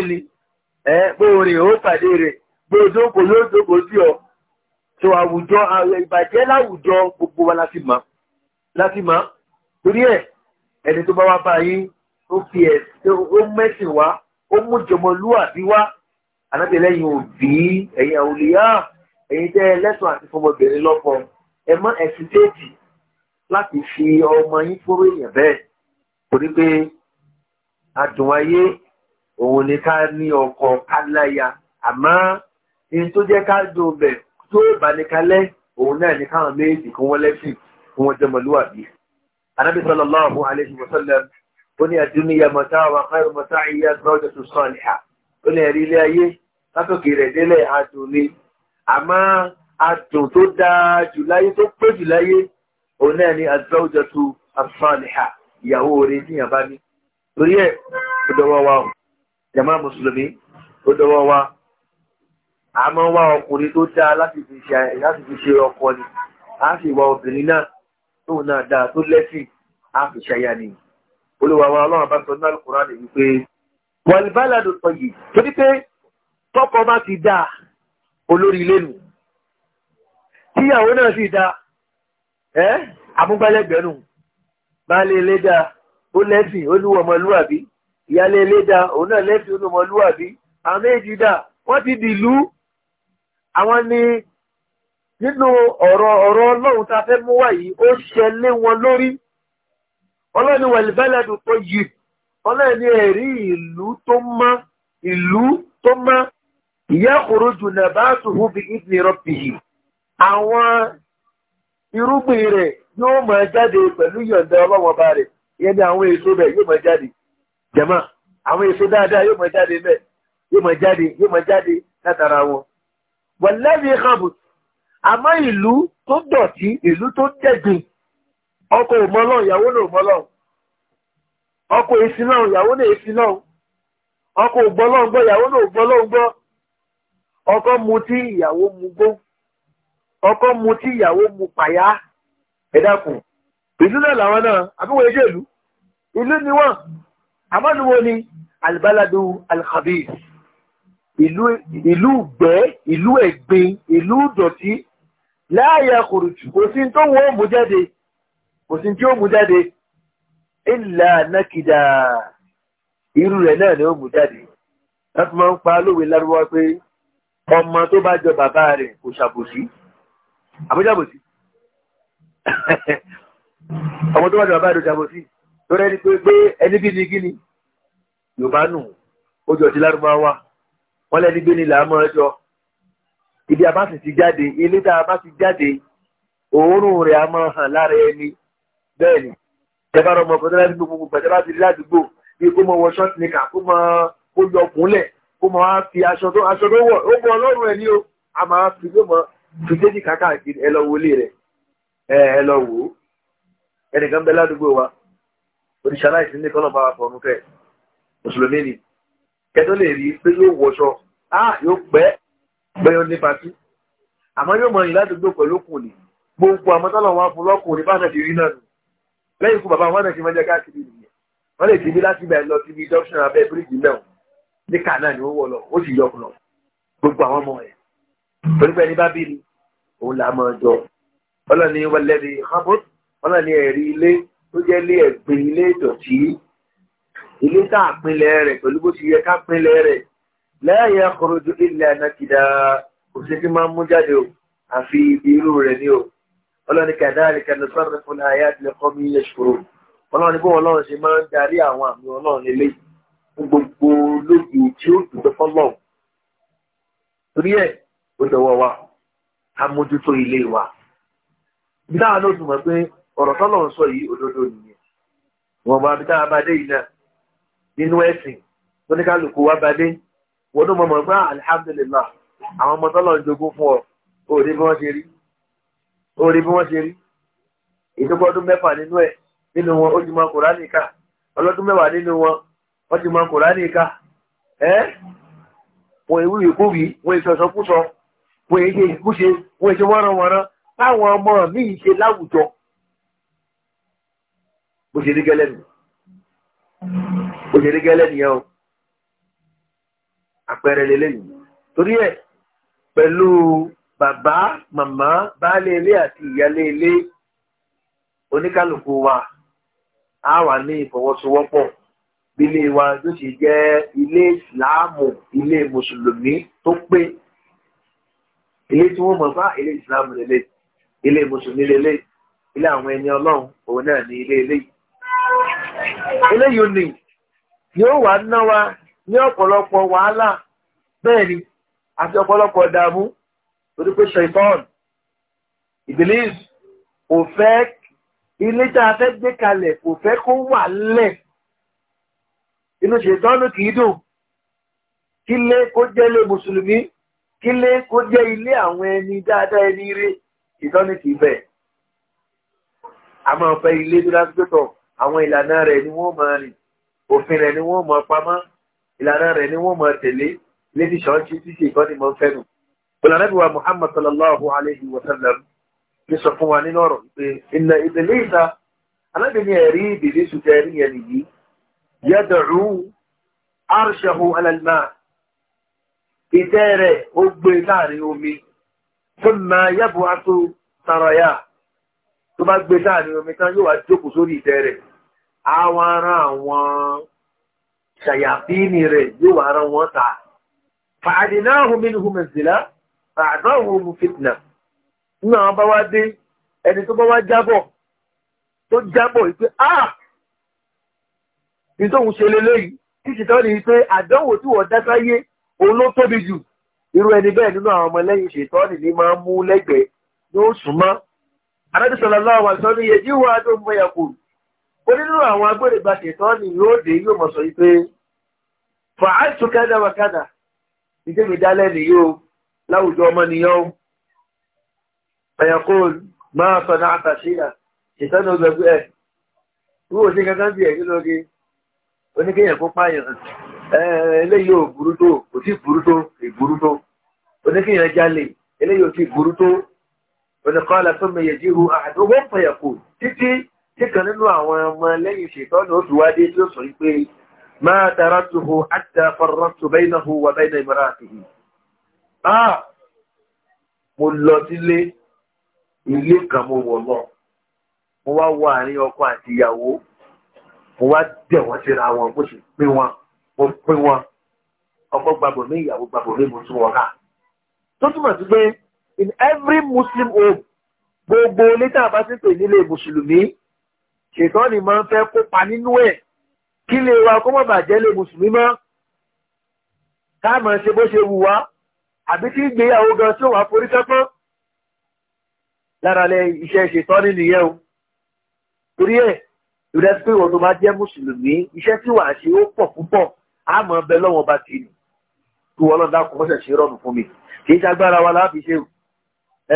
wé ẹ pé orin ó pàdé rẹ̀ pé ojókòó yóò jókòó sí ọ tó àwùjọ ìbàjẹ́ láwùjọ gbogbo wa láti mọ̀ láti mọ̀ torí ẹ̀ ẹni tó bá wá bá yín ó fi ẹ̀ ó mẹ́sìn wá ó mú jọmọlúwàbí wá alábẹ̀lẹ́yìn òbí ẹ̀yìn àwòlíyá ẹ̀yìn tẹ́ lẹ́sùn àti fọmọbìnrin lọ́pọ̀ ẹ mọ́ ẹ̀sìn téèjì láti fi ọmọ yín fóró èèyàn bẹ́ẹ̀ torí pé àdùn ayé òun ni ká ní ọkọ káláya àmọ́ in tó jẹ́ ká jò bẹ̀ tó bá ní kalẹ́ òun náà ní káwọn méjì kí wọ́n lẹ́sìn kí wọ́n jẹmọlúwàbí anábì sallallahu alaihi wasallam ó ní àdúnyà mọ̀tá wa khairu mọ̀tá ìyá gbọ́dọ̀ tó sọ níhà ó ní ẹ̀rí ilé ayé látòkè rẹ̀ délẹ̀ adùn ni àmọ́ adùn tó dáa jù láyé tó pé jù láyé òun náà ní azọ́jọ́ tó asọ́ níhà ìyàwó rẹ̀ níyàbá ní torí ẹ̀ kò dọwọ́ wa o jama mùsùlùmí o dọwọ́ wa àmọ́ wá ọkùnrin tó dáa láti fi ṣe ọkọ ni a sì wá obìnrin náà tóun náà dáa tó lẹ́sìn a fi ṣayá ni olùwà wa ọlọ́run bá sọ ní alukóra nìyí pé wàlúbálàdù sọ yìí torí pé tọkọ bá ti dáa olórí ilé nù tíyàwó náà sì dáa ẹ amúgbálẹ́gbẹ̀ẹ́ nù baálé ilé dáa ó lẹ́sìn ó ọmọlúwàbí ìyálé ilé dá òun náà lẹ́fì olùmọlúwàbí àwọn méjì dá wọ́n ti dìlú àwọn ni nínú ọ̀rọ̀ ọ̀rọ̀ ọlọ́run tá a fẹ́ mú wá yìí ó ṣẹlẹ̀ wọn lórí ọlọ́ni wẹ̀lìbẹ́lẹ́dù tó yìí ọlọ́ni ẹ̀rí ìlú tó mọ́ ìlú tó mọ́ ìyá òrojù nàbàtù húbi ìdí rọ́bì yìí àwọn irúgbìn rẹ̀ yóò máa jáde pẹ̀lú yọ̀ǹda ọlọ́wọ́n rẹ̀ ìyẹn ni àwọn èso rẹ̀ yóò máa jáde jẹ̀mọ́ àwọn èso dáadáa yóò mọ̀ jáde bẹ́ẹ̀ yóò mọ̀ jáde yóò mọ̀ jáde látara wọn. wọ̀lẹ́bí ìkàbù àmọ́ ìlú tó dọ̀tí ìlú tó dẹ̀gbìn ọkọ òmọ́lọ́ ìyàwó náà òmọ́lọ́ ọkọ èsì náà ìyàwó náà èsì náà ọkọ ògbọ́lọ́ gbọ́ ìyàwó náà ògbọ́lọ́ gbọ́ ọkọ mutí ìyàwó mu gbó ọkọ mutí ìyàwó mu pàyà ẹ̀dàkùn ìlú náà làwọn náà àbí wọ́n ẹjọ́ ìlú ìlú ni wọ́n àmọ́nu wo ni albaladu alkhabis ìlú gbẹ́ ìlú ẹ̀gbin ìlú dọ̀tí láàyè kòrùtù kò sí tó wọ́n mú jáde kò sí tí ó mú jáde ìlà nákìdá irú rẹ̀ náà ni ó mú jáde láti máa ń pa lówe lárúbáwá pé ọmọ tó bá jọ bàbá rẹ̀ kò ṣàbòsí àbójábòsí ọmọ tó bá jọ bàbá rẹ̀ kò ṣàbòsí lórí ẹni pé pé ẹni ni gíní yorùbá nù ó jọ ti lárúbáwá wọn lẹni gbé ni là á mọ ẹjọ ibi a bá sì ti jáde ilé tá a bá ti jáde òórùn rẹ̀ a máa hàn lára ẹni bẹ́ẹ̀ ni ìjọba ọmọ ọkọ tẹ́lá gbogbo gbogbo ìjọba ti rí ládùúgbò bí kó mọ wọ ṣọ́ọ̀tì nìkan kó mọ kó yọ kúnlẹ̀ kó mọ á fi aṣọ tó aṣọ tó wọ̀ ó mọ ọlọ́run ẹ̀ ní o a máa fi yóò mọ fi déjì kákàkiri ẹ lọ wọlé rẹ̀ ẹ ẹ lọ wò ó ẹnìkan bẹ ládùúgbò wa oníṣẹ́ aláìsí ní kọ́lọ̀ bá wa fọ̀ nùkẹ́ mùsùlùmí ni kẹ́tọ́ lè rí pé yóò wọṣọ á yóò pẹ́ gbẹ́yọ ní patí àmọ́ yóò mọ̀ yìí ládùúgbò pẹ̀lú ọkùnrin gbogbo àmọ́ tọ́lọ̀ wọn fún lọ́kùnrin bá náà ti rí náà nù lẹ́yìn ikú bàbá wọn náà ti máa jẹ́ káàkiri nìyẹn wọ́n lè ti bí láti bẹ̀rẹ̀ lọ síbi junction abẹ́ bíríìjì náà ní kàná ni ó wọ̀ lọ ó sì yọkùn lọ gbogbo àwọn ọmọ ẹ̀ torí pé ẹni bá bí ni òun là á máa jọ ọlọ́ni wọlé ni hamud ọlọ́ni ẹ̀rí ilé tó jẹ́ ilé ẹ̀gbin ilé ìdọ̀tí ilé tá à pinlẹ̀ rẹ̀ pẹ̀lú bó ti yẹ ká pinlẹ̀ rẹ̀ lẹ́yìn akọrọjù ilẹ̀ anákìdá òṣè tí máa ń mú jáde o àfi ibi irú rẹ̀ ni o ọlọ́ni kàdáàlì kan sọ́rọ̀ fún ayé àtìlẹ́ kọ́ ilé ṣòro ọlọ́ni bó ọlọ́run ṣe máa ń darí àwọn àmì ọlọ́run ilé fún gbogbo lójú tí ó dùdọ́ fọ́lọ́ torí ẹ̀ ó dọwọ́ wa amójútó ilé wa ọ̀rọ̀ tọ́lọ̀ nsọ sọ yìí òdodo nìyẹn wọ́n máa bí táwa bá dé yìí náà nínú ẹ̀sìn oníkálukú wa bá dé wọ́n tó mọ̀ mọ̀ pé ah, alihamdulilah àwọn ọmọ tọ́lọ̀ ń fún ọ bí wọ́n ṣe rí òòrí bí wọ́n ṣe rí ìdókò ọdún mẹ́fà nínú ẹ̀ nínú wọn ó ti mọ ọlọ́dún mẹ́wàá nínú wọn ti mọ ẹ́ wọ́n ìwú wọ́n bó ṣe rí gẹ́lẹ́ nù bó ṣe rí gẹ́lẹ́ nìyẹn o àpẹẹrẹ lélẹ́yìn torí ẹ̀ pẹ̀lú bàbá màmá baálé ilé àti ìyálé ilé oníkálukú wa a wà ní ìfọwọ́sowọ́pọ̀ ilé wa tó sì jẹ́ ilé ìsìláàmù ilé mùsùlùmí tó pé ilé tí wọ́n mọ̀ bá ilé ìsìláàmù lélẹ̀ ilé mùsùlùmí lélẹ̀ ilé àwọn ẹni ọlọ́run òun náà ní ilé eléyìí eléyìí ni yóò wá ná wa ní ọ̀pọ̀lọpọ̀ wàhálà bẹ́ẹ̀ ni àti ọ̀pọ̀lọpọ̀ dààmú torí pé ṣèitán ìbílíìs kò fẹ́ ilé tá a fẹ́ gbé kalẹ̀ kò fẹ́ kó wà lẹ̀ inú ṣèitán kì í dùn kílé kó jẹ́ ilé mùsùlùmí kílé kó jẹ́ ilé àwọn ẹni dáadáa ẹni rí ìtọ́ni kì í bẹ̀. a máa fẹ́ ilé tó dájú pé tọ̀ àwọn ìlànà rẹ̀ ni wọ́n máa rìn òfin rẹ̀ ni wọ́n máa pamọ́ ìlànà rẹ̀ ni wọ́n máa tẹ̀lé lébi ṣọ́ọ́ṣì títí ìkọ́ni mọ́ fẹ́nu. olùrànàbí wa muhammad sallallahu alayhi wa sallam ní sọ fún wa nínú ọ̀rọ̀ pé ìnà ìdílé ìta alábìnrin ẹ̀rí ìdílé sùtẹ́ ẹ̀rí yẹn nìyí yẹ́dọ̀rú arṣahu alalma ìtẹ́ rẹ̀ ó gbé láàrin omi fún ma yẹ́bù aṣọ tó bá gbé láàrin omi tán yóò wá jókòó sórí ìtẹ́ rẹ̀ àwọn ará àwọn ṣàyàfíìnì rẹ̀ yóò wà rán wọn ta fàádìnáhùn mínúhùn mẹ́sìlá fàádáhùn mú fitna náà bá wá dé ẹni tó bá wá jábọ̀ tó jábọ̀ wípé ah ìtòhun ṣe lélẹ́yìí tí ṣìtọ́ ni pé àdánwò tí wọ́n dá sáyé òun ló tóbi jù irú ẹni bẹ́ẹ̀ nínú àwọn ọmọlẹ́yìn ṣètọ́nì ní máa mú lẹ́gbẹ̀ẹ́ ní ó mọ́. Àdájọ́ sọ̀rọ̀ lọ́wọ́ àṣọ ní yẹjú wa tó ń bọ̀ yà ó nínú àwọn agbórígbà ṣètọ́ ni yóò dé yóò mọ̀ sọ wípé fàáìtù kádà wà kádà ìdébì dálẹ́ nìyó láwùjọ ọmọnìyàn ó ẹ̀yàkóòlù máa sọ náà àtàṣílà ìtọ́nà ọgbẹ̀gbẹ̀ ẹ̀ wíwò sí kankan bí ẹ̀yìn lóge oníkéyàn kó pààyàn eléyìí ò burú tó kò sí burú tó ìburú tó oníkéyàn jálè eléyìí ò sí burú tó oníkọ́ àlàtọ́ mẹ́yẹ̀ àdúgbò pẹ̀yàkó títí kíkan nínú àwọn ọmọ lẹ́yìn ṣètọ́nù ó fi wádé tí ó sọ pé máa taratuhu hatta farratu bainahu wa bayna imraatihi. mo lọ sílé ilé kan mo wọ̀ lọ mo wá wọ àárín ọkọ àti ìyàwó mo wá dẹ̀ wọ́n síra wọn mo sì pín wọn mo pín wọn ọkọ gbàgbọ́ mi ìyàwó gbàgbọ́ mi mo tún wọn ká. tó túmọ̀ sí pé in every muslim home gbogbo létà bá ti pè nílé mùsùlùmí ṣètọ́nì máa ń fẹ́ kópa nínú ẹ̀ kí lè wa kó mọ̀ bàjẹ́ lè mùsùlùmí mọ́ káàmọ̀ ṣe bó ṣe wù wá àbí tí ìgbéyàwó gan tí ó wà forí sẹ́pọ́n lára lẹ iṣẹ́ ṣètọ́nì nìyẹn o torí ẹ̀ ìrẹ́ pé wọn tó bá jẹ́ mùsùlùmí iṣẹ́ tí wàá ṣe ó pọ̀ púpọ̀ á mọ̀ ọbẹ̀ lọ́wọ́ bá ti nù tó wọ́n lọ́dà kó mọ́ṣẹ̀ ṣe rọrùn fún mi kì í ṣagbára wa láàbí ṣe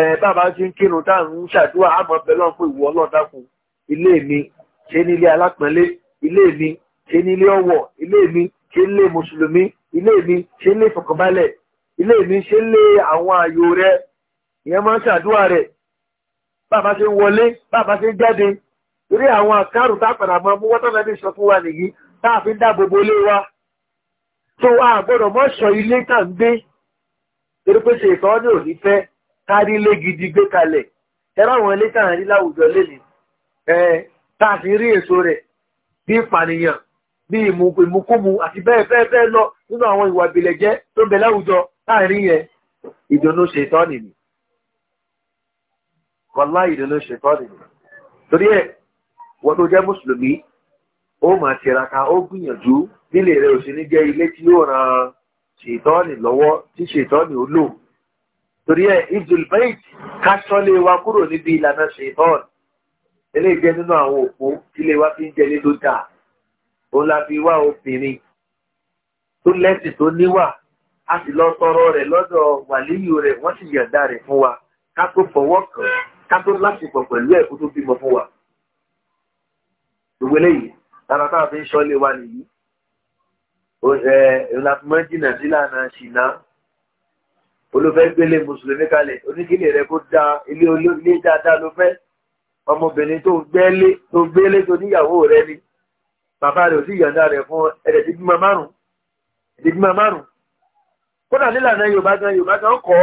ẹ̀ bàbá ti ń kírun táà ń ṣàdúrà á mọ̀ ọbẹ̀ lọ́wọ́ pé ìwọ ọlọ́dà kù ilé mi ṣe ní ilé alápẹ̀lé ilé mi ṣe ní ilé ọ̀wọ̀ ilé mi ṣe ní ilé mùsùlùmí ilé mi ṣe ní ilé ìfọ̀kànbalẹ̀ ilé mi ṣe ní ilé àwọn ààyò rẹ ìyẹn máa ń ṣàdúrà rẹ bàbá ṣe wọlé bàbá ṣe jáde torí àwọn àkárù tá padà máa mú wọ́tọ̀ lẹ́bí sọ fún wa nìyí tá a fi ń dáàbò ilé wa tó a gbọ́dọ̀ mọ́ sọ ilé tá ń gbé torí pé ṣe ìtọ́ ní òní fẹ́ kárí ilé gidi gbé kalẹ̀ ẹ̀rọ àwọn ilé tá à ń rí láwùjọ lénìí tá a sì rí èso rẹ̀ bí ìpànìyàn bí ìmúkúmu àti bẹ́ẹ̀ bẹ́ẹ̀ bẹ́ẹ̀ lọ nínú àwọn ìwà ìbílẹ̀ jẹ́ tó ń bẹ láwùjọ láàrin yẹn ìdùnnú ṣètọ́ nìyí kọlá ìdùnnú nìyí torí ẹ wọ́n tó jẹ́ mùsùlùmí ó ran ṣètọ́nì lọ́wọ́ tí ṣètọ́nì ó lò torí wa kúrò níbi ìlànà ṣètọ́nì eléyìí jẹ́ nínú àwọn òpó ilé wa fi ń jẹ ní tó dáa òun la fi wá obìnrin tó lẹ́sìn tó níwà a sì lọ tọrọ rẹ̀ lọ́dọ̀ wàlíyù rẹ̀ wọ́n sì yọ̀ǹda rẹ̀ fún wa ká tó fọwọ́ kàn ká tó lásìkò pẹ̀lú ẹ̀ kó tó bímọ fún wa. gbogbo eléyìí lára táwọn fi ń sọ ilé wa nìyí ìlànà jìnnà sílànà ṣìnà olùfẹ́ gbélé mùsùlùmí kalẹ̀ oníkílè rẹ̀ kó dáa ilé dáadáa ló fẹ́ ọmọbìnrin tó gbẹ́lé tó gbélé tó níyàwó rẹ ni bàbá rẹ ò sí ìyànda rẹ fún ẹ̀rẹ̀ ti bímọ márùn ti bímọ márùn kódà nílànà yorùbá gan yorùbá gan kọ́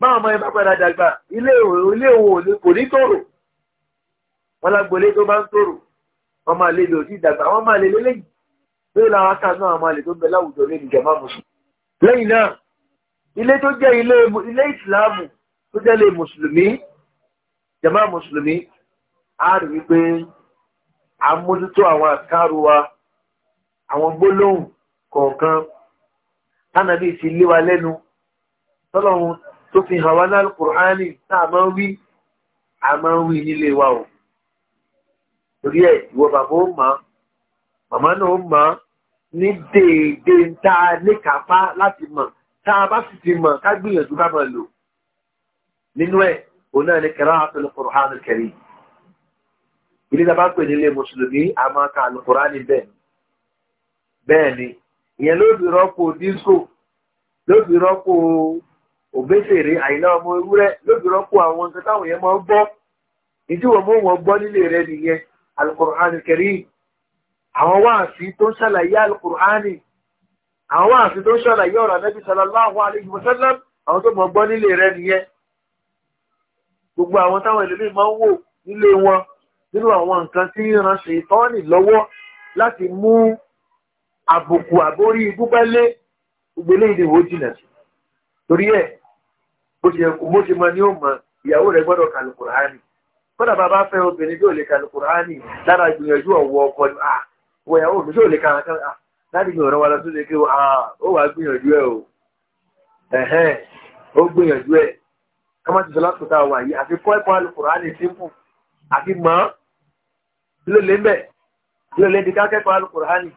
báwọn ọmọ yẹn bá padà dàgbà ilé òun kò ní tòrò wọn lágbolé tó bá ń tòrò wọn máa lè lò sí ìdàgbà wọn máa lè lélẹ́yìn lórí làwọn akáàánú àwọn máa lè tó ń bẹ láwùjọ lé nìjọba mùsùlùmí lẹ́yìn náà ilé tó jẹ́ ilé ìsìláàmù tó jẹ́ ilé mùsùlùmí jama mùsùlùmí a rí wípé a mójútó àwọn àkárò wa àwọn gbólóhùn kọ̀ọ̀kan tánàbí ti lé wa lẹ́nu tọ́lọ́run tó fi hàn wá náà kùránì náà máa ń wí a máa ń wí nílé wa o torí ẹ̀ ìwọ bàbá ó mọ̀ màmá náà ó mọ̀ ní déédé ń tá níkàápá láti mọ̀ tá a bá sì ti mọ̀ ká gbìyànjú ká máa lò nínú ẹ̀ òun náà ni qira'atul Qur'an al-Karim ilé tá a bá pè nílé mùsùlùmí a máa ka alukurani bẹ́ẹ̀ ni bẹ́ẹ̀ ni ìyẹn ló fi rọ́pò disco ló fi rọ́pò òbésèré àyìnlá ọmọ ewúrẹ́ ló fi rọ́pò àwọn nǹkan táwọn yẹn máa ń gbọ́ ìdíwọ̀n mú wọn gbọ́ nílé rẹ nìyẹn alukurani karim àwọn wáàsí tó ń ṣàlàyé alukurani àwọn wáàsí tó ń ṣàlàyé ọ̀rọ̀ anábì sallallahu alayhi wa sallam àwọn tó mọ̀ gbọ́ nílé rẹ nìyẹn gbogbo àwọn táwọn ẹlòmíì máa ń wò nílé wọn nínú àwọn nǹkan tí ránṣẹ́ ìtọ́nì lọ́wọ́ láti mú àbùkù àbórí gbúgbálé gbogbo eléyìí ni wò jìnà sí torí ẹ bó ṣe mọ ni ó mọ ìyàwó rẹ gbọ́dọ̀ kàlùkùránì kódà bàbá fẹ́ obìnrin bí ò lè kàlùkùránì lára ìgbìyànjú ọwọ́ ọkọ ni à ah, wọ ìyàwó mi tí ò lè kàlùkùránì à ah, láti gbìyànjú ọ̀rọ̀ wa lọ sí ilé kí ah, ó wàá gbìyànjú ẹ o ó gbìyànjú ẹ ọmọ ti sọlá tuntun àwọn àyè àfi kọ́ ẹ̀kọ́ alukurani sínkù àfi mọ́ lóle ń bẹ̀ lóle ní kákẹ́kọ̀ọ́ alukurani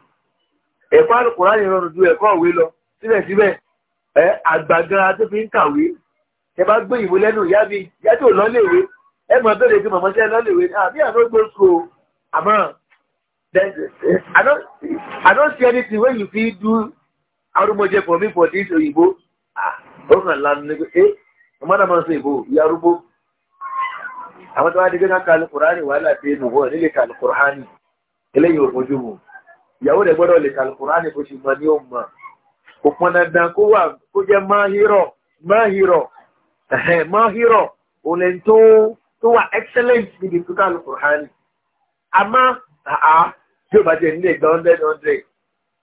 ẹ̀kọ́ alukurani rọrùn ju ẹ̀kọ́ òwe lọ síbẹ̀síbẹ̀ ẹ àgbàgbà tó fi ń kàwé ẹ bá gbé ìwé lẹ́nu ìyá mi ìyá tó lọ́lẹ̀wé ẹ mọ̀ bẹ́ẹ̀ lè fi mọ̀mọ́ sẹ́ lọ́lẹ̀wé àbí àná gbóṣù àmọ́ eh, I don't see anything when you fit do arúmọjẹ for me for this oyinbo. Ah, ó kàn lánàá ní mọ́nà máa ń sọ ìbò ìyá arúgbó àwọn tó wá di gbé káka alukurani wàhálà bíi nù wọ́n nílé ka alukurani eléyìí ò fojú mu ìyàwó rẹ̀ gbọ́dọ̀ lè ka alukurani bó ṣe mọ ní ó mọ kò pọn dandan kó wà kó jẹ́ máhírọ̀ máhírọ̀ máhírọ̀ òun lè tó tó wà excellent níbi tó ká alukurani àmọ́ àá tí o bá jẹ nílé gba hundred hundred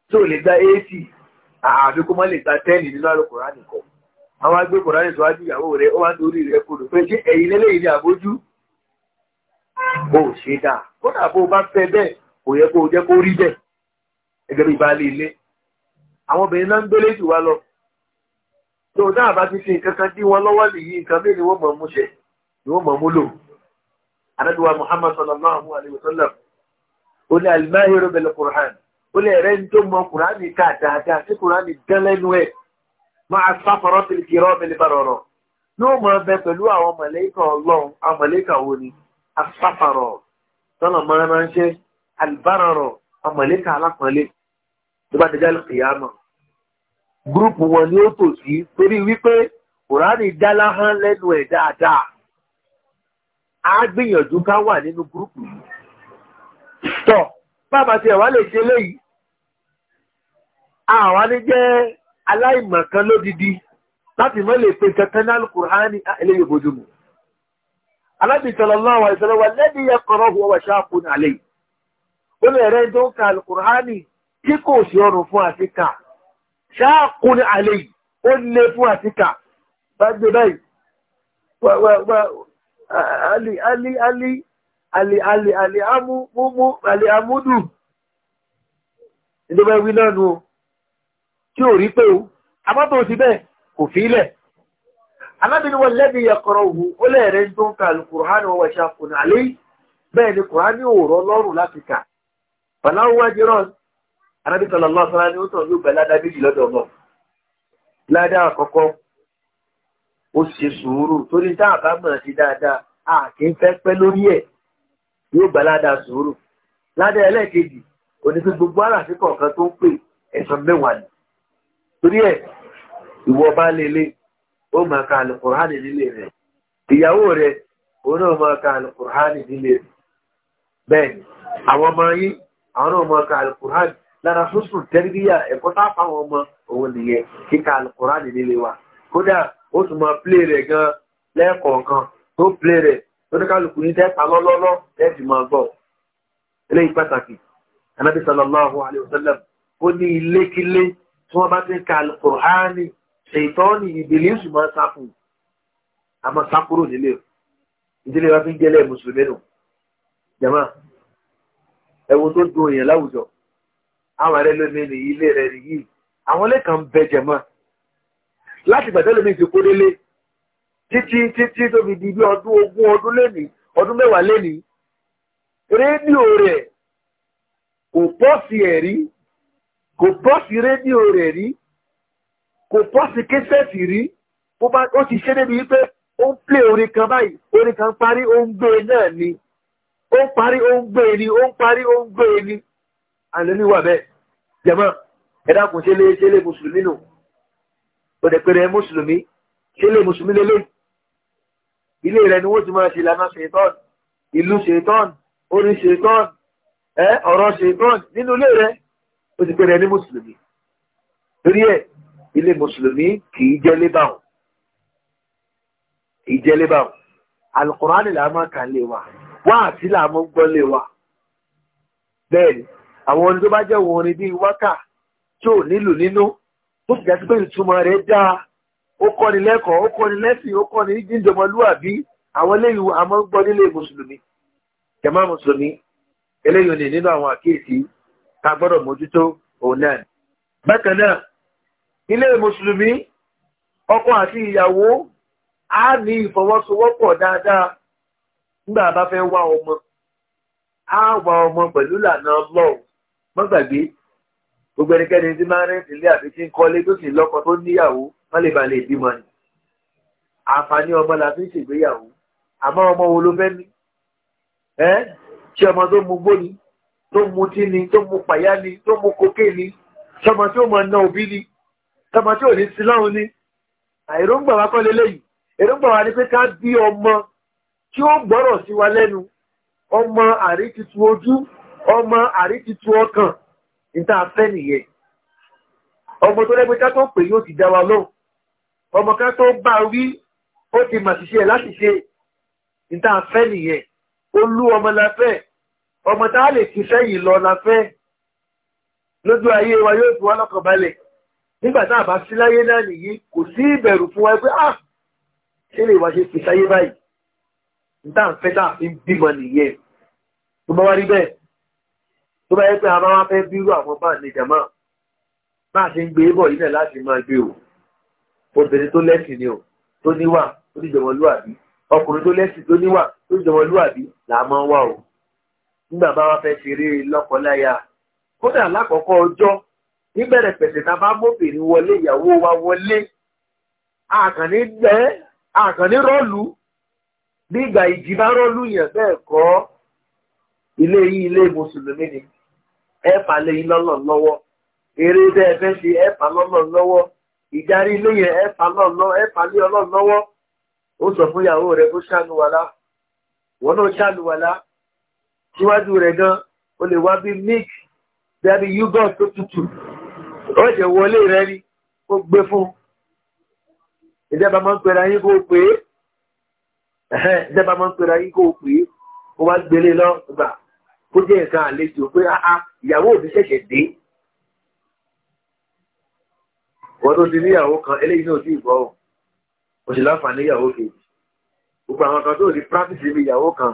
tí lè gba eighty àá àbí kó má lè gba ten nínú alukurani kọ̀ọ̀ àwọn agbé kòránì tó wájú ìyàwó rẹ̀ ó wá torí rẹ̀ kò lùpẹ́ tí ẹ̀yìn lélẹ̀ ilé àbójú bó ṣe dà kódà bó bá fẹ́ bẹ́ẹ̀ kò yẹ kó jẹ́ kó rí bẹ́ẹ̀ gẹ́gẹ́ bí baálé ilé àwọn obìnrin náà ń gbélé jù wá lọ tó náà bá ti fi nǹkan kan dí wọn lọ́wọ́ nìyí nǹkan bí ni wọ́n mọ̀ múṣẹ ni wọ́n mọ̀ múlò anáduwa Muhammad sallallahu alayhi wa sallam ó ní alimahiru bẹ̀lẹ̀ kùrán ó ní ẹ̀rẹ́ ń tó mọ kùránì ká dáadáa sí kùránì dán lẹ́nu ẹ̀ máa sáfọ̀rọ̀ tí kì í rọ́ mi lè bára ọ̀rọ̀ yóò mọ ọbẹ̀ pẹ̀lú àwọn mọ̀lẹ́kà ọlọ́run àwọn mọ̀lẹ́kà wo ni asáfọ̀rọ̀ tọ́nà máa máa ń ṣe àlùbárọ̀rọ̀ àwọn mọ̀lẹ́kà alápọ̀nlé tó bá ti jẹ́ kìyàmọ̀ gúrùpù wọn ni ó tò sí torí wípé kùránì dálá hán lẹ́nu ẹ̀ dáadáa á gbìyànjú ká wà nínú gúrùpù yìí tọ́ bàbá tiẹ̀ wá lè ṣe léyìí àwa ní jẹ́ aláìmọ̀kan lódidi láti mọ́ lè pe kankan náà kùránì eléyìí bójú mu alábì sallallahu alaihi wasallam lẹ́ni yẹ kọ́rọ́ wọ wà ṣáàpù nàlẹ́ yìí ó lè rẹ́ tó ń ka kùránì tí kò sí ọrùn fún àtìkà ṣáàpù nàlẹ́ yìí ó lé fún àtìkà bá báyìí ali ali ali ali ìjọba ìwé náà nù o. tí ò rí pé o àmọ́tò ti bẹ́ẹ̀ kò fi ilẹ̀ alábìnrin wọn lẹ́bi ẹ̀kọ́rọ̀ òhù ó lẹ́ẹ̀rẹ́ tó ń ka alukur'an wọ́n wọ́n ṣàkóso àlẹ́ bẹ́ẹ̀ ni kur'an ò rọ lọ́rùn láti kà bàláwo wá jẹ́ anábì ni ó tàn ládàá méjì lọ́dọ̀ ọmọ ládàá àkọ́kọ́ ó a mọ̀ sí dáadáa a kì í fẹ́ pẹ́ lórí ẹ̀ yóò gbà ládàá sùúrù ládàá ẹlẹ́ẹ̀kejì òní fi gbogbo tó ń torí ẹ̀ ìwọ bá lélẹ̀ ó máa ka alukur'ani nílé rẹ̀ ìyàwó rẹ̀ òun náà máa ka alukur'ani nílé rẹ̀ bẹ́ẹ̀ ni àwọn ọmọ yìí àwọn náà máa ka alukur'ani lára sùsùn tẹ́lifíyà ẹ̀kọ́ tá a fa àwọn ọmọ òun nìyẹn kíka alukur'ani nílé wa kódà ó tún máa plé rẹ̀ gan lẹ́ẹ̀kọ̀ọ̀kan tó plé rẹ̀ lóníkàlùkù ní tẹ́ta lọ́lọ́lọ́ tẹ́ẹ̀fì máa gbọ́ eléyìí pàtàkì anábì tí wọ́n bá ti ń ka alukur'ani ṣètọ́ni ìbílísù máa ń sáfù àmọ́ sákúrò nílé ìdílé wa fi ń jẹ́lẹ̀ mùsùlùmí nù jama ẹ̀wọ̀n tó dùn èèyàn láwùjọ àwọn arẹ lómi ní ilé rẹ nìyí àwọn lẹ́kàn bẹ jẹ̀mọ́ láti gbàtẹ́ lómi ti kó délé títí títí tó fi di bí ọdún ogún ọdún lẹ́nìí ọdún mẹ́wàá lẹ́nìí rédíò rẹ̀ kò pọ́ sí ẹ̀rí kò pọ́sì rédíò rẹ̀ rí kò pọ́sì késẹ́ẹ̀tì rí ó ti ṣe débi wípé ó ń plé orin kan báyìí orin kan parí ó ń gbé e náà ni ó ń parí ó ń gbé e ni ó ń parí ó ń gbé e ni àlẹ́lú wà bẹ́ẹ̀ jẹ̀mọ́ ẹ̀dá kò ṣe lé ṣe lé mùsùlùmí nù ó dẹ̀ pé rẹ̀ mùsùlùmí ṣe lé mùsùlùmí lélẹ̀ ilé rẹ̀ ni wọ́n ti máa ṣe ìlànà ṣètọ́n ìlú ṣètọ́n orin ṣètọ́n ọ̀rọ̀ ṣètọ́n nínú ilé rẹ̀ ó ti pẹ́rẹ́ ní mùsùlùmí torí ẹ̀ ilé mùsùlùmí kìí jẹ́ lébàwọ̀n kìí jẹ́ lébàwọ̀n alukurani là máa kà lé wa wá àti là máa gbọ́ lé wa bẹ́ẹ̀ ni àwọn orin tó bá jẹ́ wọn orin bíi wákà tó nílùú nínú ó sì dájú pé ìtumọ̀ rẹ̀ dáa ó kọ́ni lẹ́kọ̀ọ́ ó kọ́ni lẹ́sìn ó kọ́ni jíjọmọlúwàbí àwọn eléyìí àmọ́ gbọ́ nílé mùsùlùmí jàmá mùsùlùmí eléyìí ni nínú àwọn àkíyèsí ta gbọ́dọ̀ mójútó òun náà bákan náà ilé mùsùlùmí ọkọ àti ìyàwó á ní ìfọwọ́sowọ́pọ̀ dáadáa nígbà bá fẹ́ wá ọmọ á wá ọmọ pẹ̀lú ìlànà ọlọ́run má gbàgbé gbogbo ẹnikẹ́ni tí máa ń rìn sílé àti tí ń kọ́lé tó sì lọ́kọ tó níyàwó wọ́n lè balẹ̀ ìbímọ ni àǹfààní ọmọ la fi ń ṣègbéyàwó àmọ́ ọmọ wo ló fẹ́ ní ẹ́ ṣé ọmọ tó mú gbó ni tó mutí ni tó mu pàyà ni tó mu kókè ni sọmọ tí ó mọ ná òbí ni sọmọ tí ò ní sí lọ́run ni àìróǹgbà wa kọ́ lélẹ́yìí èròǹgbà wa ni pé ká bí ọmọ tí ó gbọ́rọ̀ sí wa lẹ́nu ọmọ àrítìtù ojú ọmọ àrítìtù ọkàn níta fẹ́ nìyẹn ọmọ tó lẹ́gbẹ́ ká tó pè yóò ti dá wa lóhùn ọmọ ká tó bá wí ó ti mà ṣiṣẹ́ láti ṣe níta fẹ́ nìyẹn olú ọmọ la fẹ́ ọmọ tá a lè ti sẹ́yìn lọ la fẹ́ lójú ayé wa yóò fi wá lọ́kàn balẹ̀ nígbà tá sí láyé náà nìyí kò sí ìbẹ̀rù fún wa pé ah ṣé lè wá ṣe fi sáyé báyìí níta ń fẹ́ náà fi ń bímọ nìyẹn tó bá wá rí bẹ́ẹ̀ tó bá yẹ pé àwọn máa fẹ́ bírú àwọn bá nìjàmá bá a ṣe ń gbé bọ̀ yìí náà láti máa gbé o obìnrin tó lẹ́sìn ni o tó níwà tó níjọmọlúwàbí ọkùnrin tó lẹ́sìn tó níwà tó níjọmọlúwàbí là á máa wà o. nígbà bá wá fẹ́ ṣeré lọ́kọláya kódà lákọ̀ọ́kọ́ ọjọ́ níbẹ̀rẹ̀ pẹ̀sẹ̀ tá bá mọ́bìnrin wọlé ìyàwó wa wọlé àkànní gbẹ́ àkànní rọ́ọ̀lù bí ìjì bá rọ́ọ̀lù yẹn bẹ́ẹ̀ kọ́ ilé yìí ilé mùsùlùmí ni ẹ fà lé yín lọ́wọ́ eré fún ìyàwó rẹ kó ṣàlùwàlá wọn síwájú rẹ̀ gan o lè wá bí milk dàbí yogurt tó tutù ó ṣe wọlé rẹ̀ rí ó gbé fún ìjọba máa ń pera yín kó pé ìjọba máa ń pera yín kó pé ó wá gbélé lọ gbà kó jẹ́ nǹkan àlejò pé ìyàwó òbí ṣẹ̀ṣẹ̀ dé wọ́n tó ti níyàwó kan eléyìí náà ti gbọ́ ò sì láǹfààní ìyàwó kejì gbogbo àwọn kan tó rí practice ibi ìyàwó kan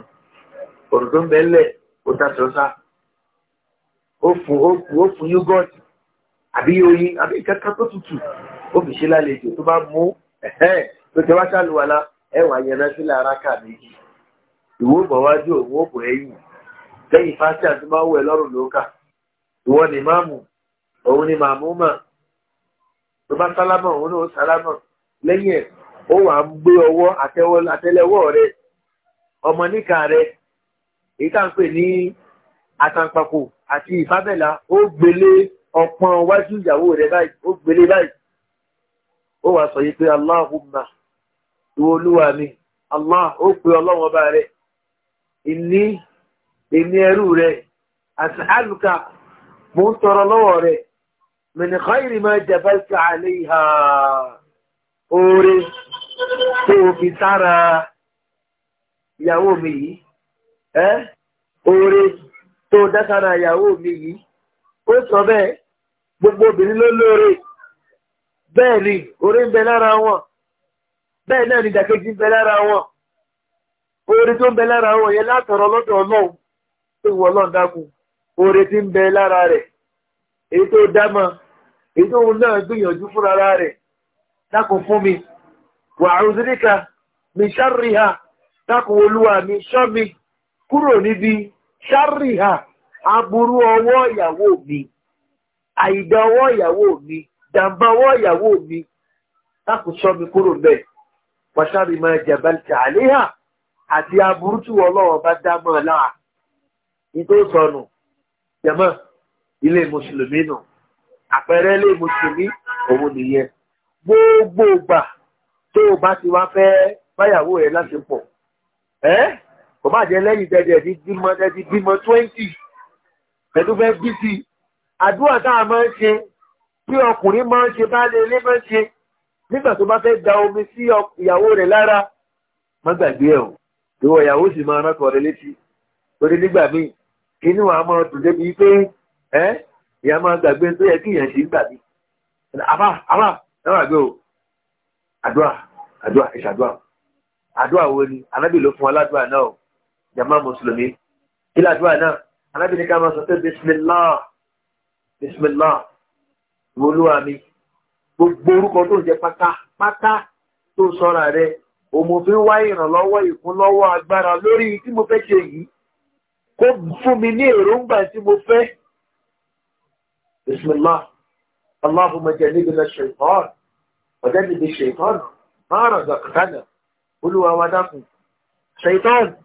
òrùtó ń bẹ́lẹ̀ ó ofu sọ́sá ó fún ó fún ó fún yúgọ́t àbí oyin àbí kankan tó tutù ó fi ṣe lálejò tó bá mú ẹ̀hẹ́ tó araka wá iwu ẹwà yẹnà sílẹ̀ aráka méjì ìwọ bọ̀ wájú òun bọ̀ ẹ̀yìn lẹ́yìn fásitì àti ni máàmù òun ni màmúmà tó bá sálámà òun náà lẹ́yìn ẹ̀ ó wà ń gbé ọwọ́ ọmọ níkà rẹ èyí ń pè ní ati àti ìfábẹ́là ó gbélé ọpọ́n wájú ìyàwó rẹ̀ báyìí ó gbélé báyìí ó sọ yìí pé aláhùnmá ìwọ mi allah ó pe ọlọ́wọ́n bá rẹ̀ ìní èmi ẹrú rẹ̀ àti àlùkà mò ń tọrọ lọ́wọ́ rẹ̀ mẹnìkọ́yìrì máa jàbáṣà àlẹ́ ìhà oore tó fi sára ìyàwó mi ẹ́ oore tó dákàrà ìyàwó mi yìí ó sọ bẹ́ẹ̀ gbogbo obìnrin ló lóore bẹ́ẹ̀ ni oore ń bẹ lára wọn bẹ́ẹ̀ náà ni ìdàkejì ń bẹ lára wọn oore tó ń bẹ lára wọn yẹn látọ̀rọ̀ lọ́dọ̀ ọlọ́run tó wọ ọlọ́run dákun oore ti ń bẹ lára rẹ̀ èyí tó dámọ̀ èyí tó ń náà gbìyànjú fúnra rẹ̀ dákun fún mi wàá rúdíríkà mi ṣáàrì ha dákun olúwa mi ṣọ́ mi. kúrò níbi ṣáríhà aburú ọwọ́ ìyàwó mi àìdá ọwọ́ ìyàwó mi jàǹbá ọwọ́ ìyàwó mi lákò sọ mi kúrò mbẹ wàṣàbí máa jàbálì tààléhà àti aburú tí wọn lọ́wọ́ bá dá mọ́ ọ láà nítorí sọnù jẹmọ́ ilé mùsùlùmí nù àpẹẹrẹ ilé mùsùlùmí òun nìyẹn gbogbo gbà tó o bá ti wá fẹ́ báyàwó rẹ láti pọ̀ ẹ́. Eh? kò má jẹ́ lẹ́yìn tẹ́jẹ̀ ti bímọ tẹ́jì bímọ 20 ẹ̀dúgbẹ́ bí sí àdúrà táà máa ń ṣe tí ọkùnrin máa ń ṣe bá lè lé máa ń ṣe nígbà tó bá fẹ́ da omi sí ìyàwó rẹ̀ lára má gbàgbé ẹ̀ ìwọ ìyàwó sì máa rántọ̀ rẹ̀ létí torí nígbà míì inú wa máa dùn débi pé ẹ́ ìyá máa gbàgbé tó yẹ kí ìyẹn ṣe ń gbàgbé àbá àbá ẹ wà gbé o àdúrà àdúrà ìṣàdúrà àdúrà wo ni anábì ló fún aládùúrà náà jama mùsùlùmí kí làdúrà náà alábìnrin ká máa sọ pé bisimilá bisimilá olúwa mi gbogbo orúkọ tó ń jẹ pátá pátá tó sọ́ra rẹ òmòfin wá ìrànlọ́wọ́ ìkúnlọ́wọ́ agbára lórí tí mo fẹ́ ṣe yìí kó fún mi ní èròǹgbà tí mo fẹ́ bisimilá aláhùnmọ̀ jẹ́ níbi na ṣèkọ́ọ̀rọ̀ ọ̀dẹ́ níbi ṣèkọ́ọ̀rọ̀ márùn-ún zakatana olúwa wa dákun ṣèkọ́ọ̀rọ̀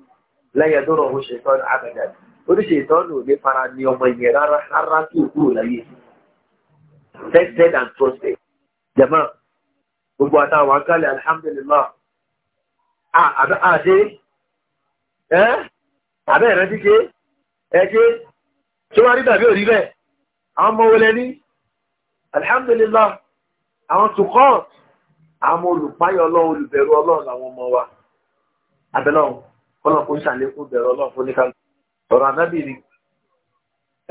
láyé dọ́rọ̀ ó ṣe tọ́nu àbẹ̀dà oríṣi ìtọ́nù ò ní fara ní ọmọ ìyẹn rárá rárá sí òkúrò láyé tested and trusted jama gbogbo àtàwọn akálẹ̀ alhamdulillah àdé ẹ́ àbẹ́ rẹ̀ díje ẹ̀ṣẹ́ tí wá rí tàbí òrí bẹ́ẹ̀ àwọn ọmọ wọlé ní alhamdulillah àwọn tukọ́ àwọn olùpáyọ̀ ọlọ́run olùbẹ̀rù ọlọ́run àwọn ọmọ wa abẹ́lọ́run kọ́lọ̀kún ṣàlékún bẹ̀rọ ọlọ́run fún níkàlù ọ̀rọ̀ anábìrin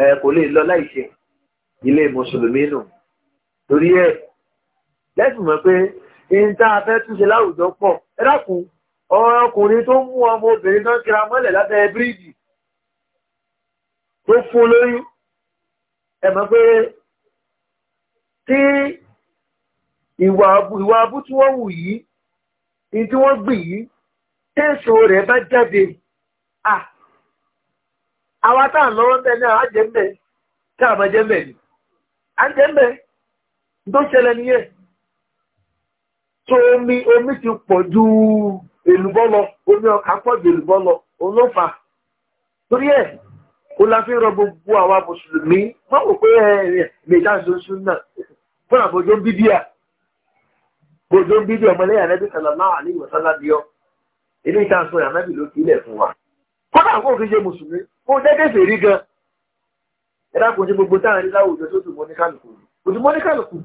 ẹ kò lè lọ láìṣe ilé mùsùlùmí nù torí ẹ lẹ́sùn mọ́ pé ní tá a fẹ́ túnṣe láwùjọ pọ̀ ẹ dákun ọkùnrin tó mú ọmọ obìnrin tó ń kira mọ́lẹ̀ lábẹ́ bíríìjì tó fún lóyún ẹ mọ̀ pé tí ìwà abú tí wọ́n wù yìí ní wọ́n gbìn tẹ́sùn rẹ̀ bá jáde àwọn táà lọ́wọ́ bẹ́ẹ̀ náà á jẹ́ mbẹ́ tí a bá jẹ́ mbẹ́ ni á jẹ́ mbẹ́ tó ṣẹlẹ̀ nìyẹn tó omi omi ti pọ̀ ju èlùbọ́ omi ọkà pọ̀ ju èlùbọ́ lọ òun torí ẹ̀ ó la fi rọ gbogbo àwa mùsùlùmí wọ́n wò pé ẹ̀ mẹ́ta ṣoṣo náà fún àbójó bójó ọmọlẹ́yà bí sàlámà àlè ilé ìta sọ ìyàmẹ́bì ló fi ilẹ̀ fún wa kọ́nà àwọn òfin ṣe mùsùlùmí kó dédé fèrí gan ẹ̀dá kò ṣe gbogbo táwọn ilé láwùjọ tó dùn mọ́níkàlùkù kò dùn mọ́níkàlùkù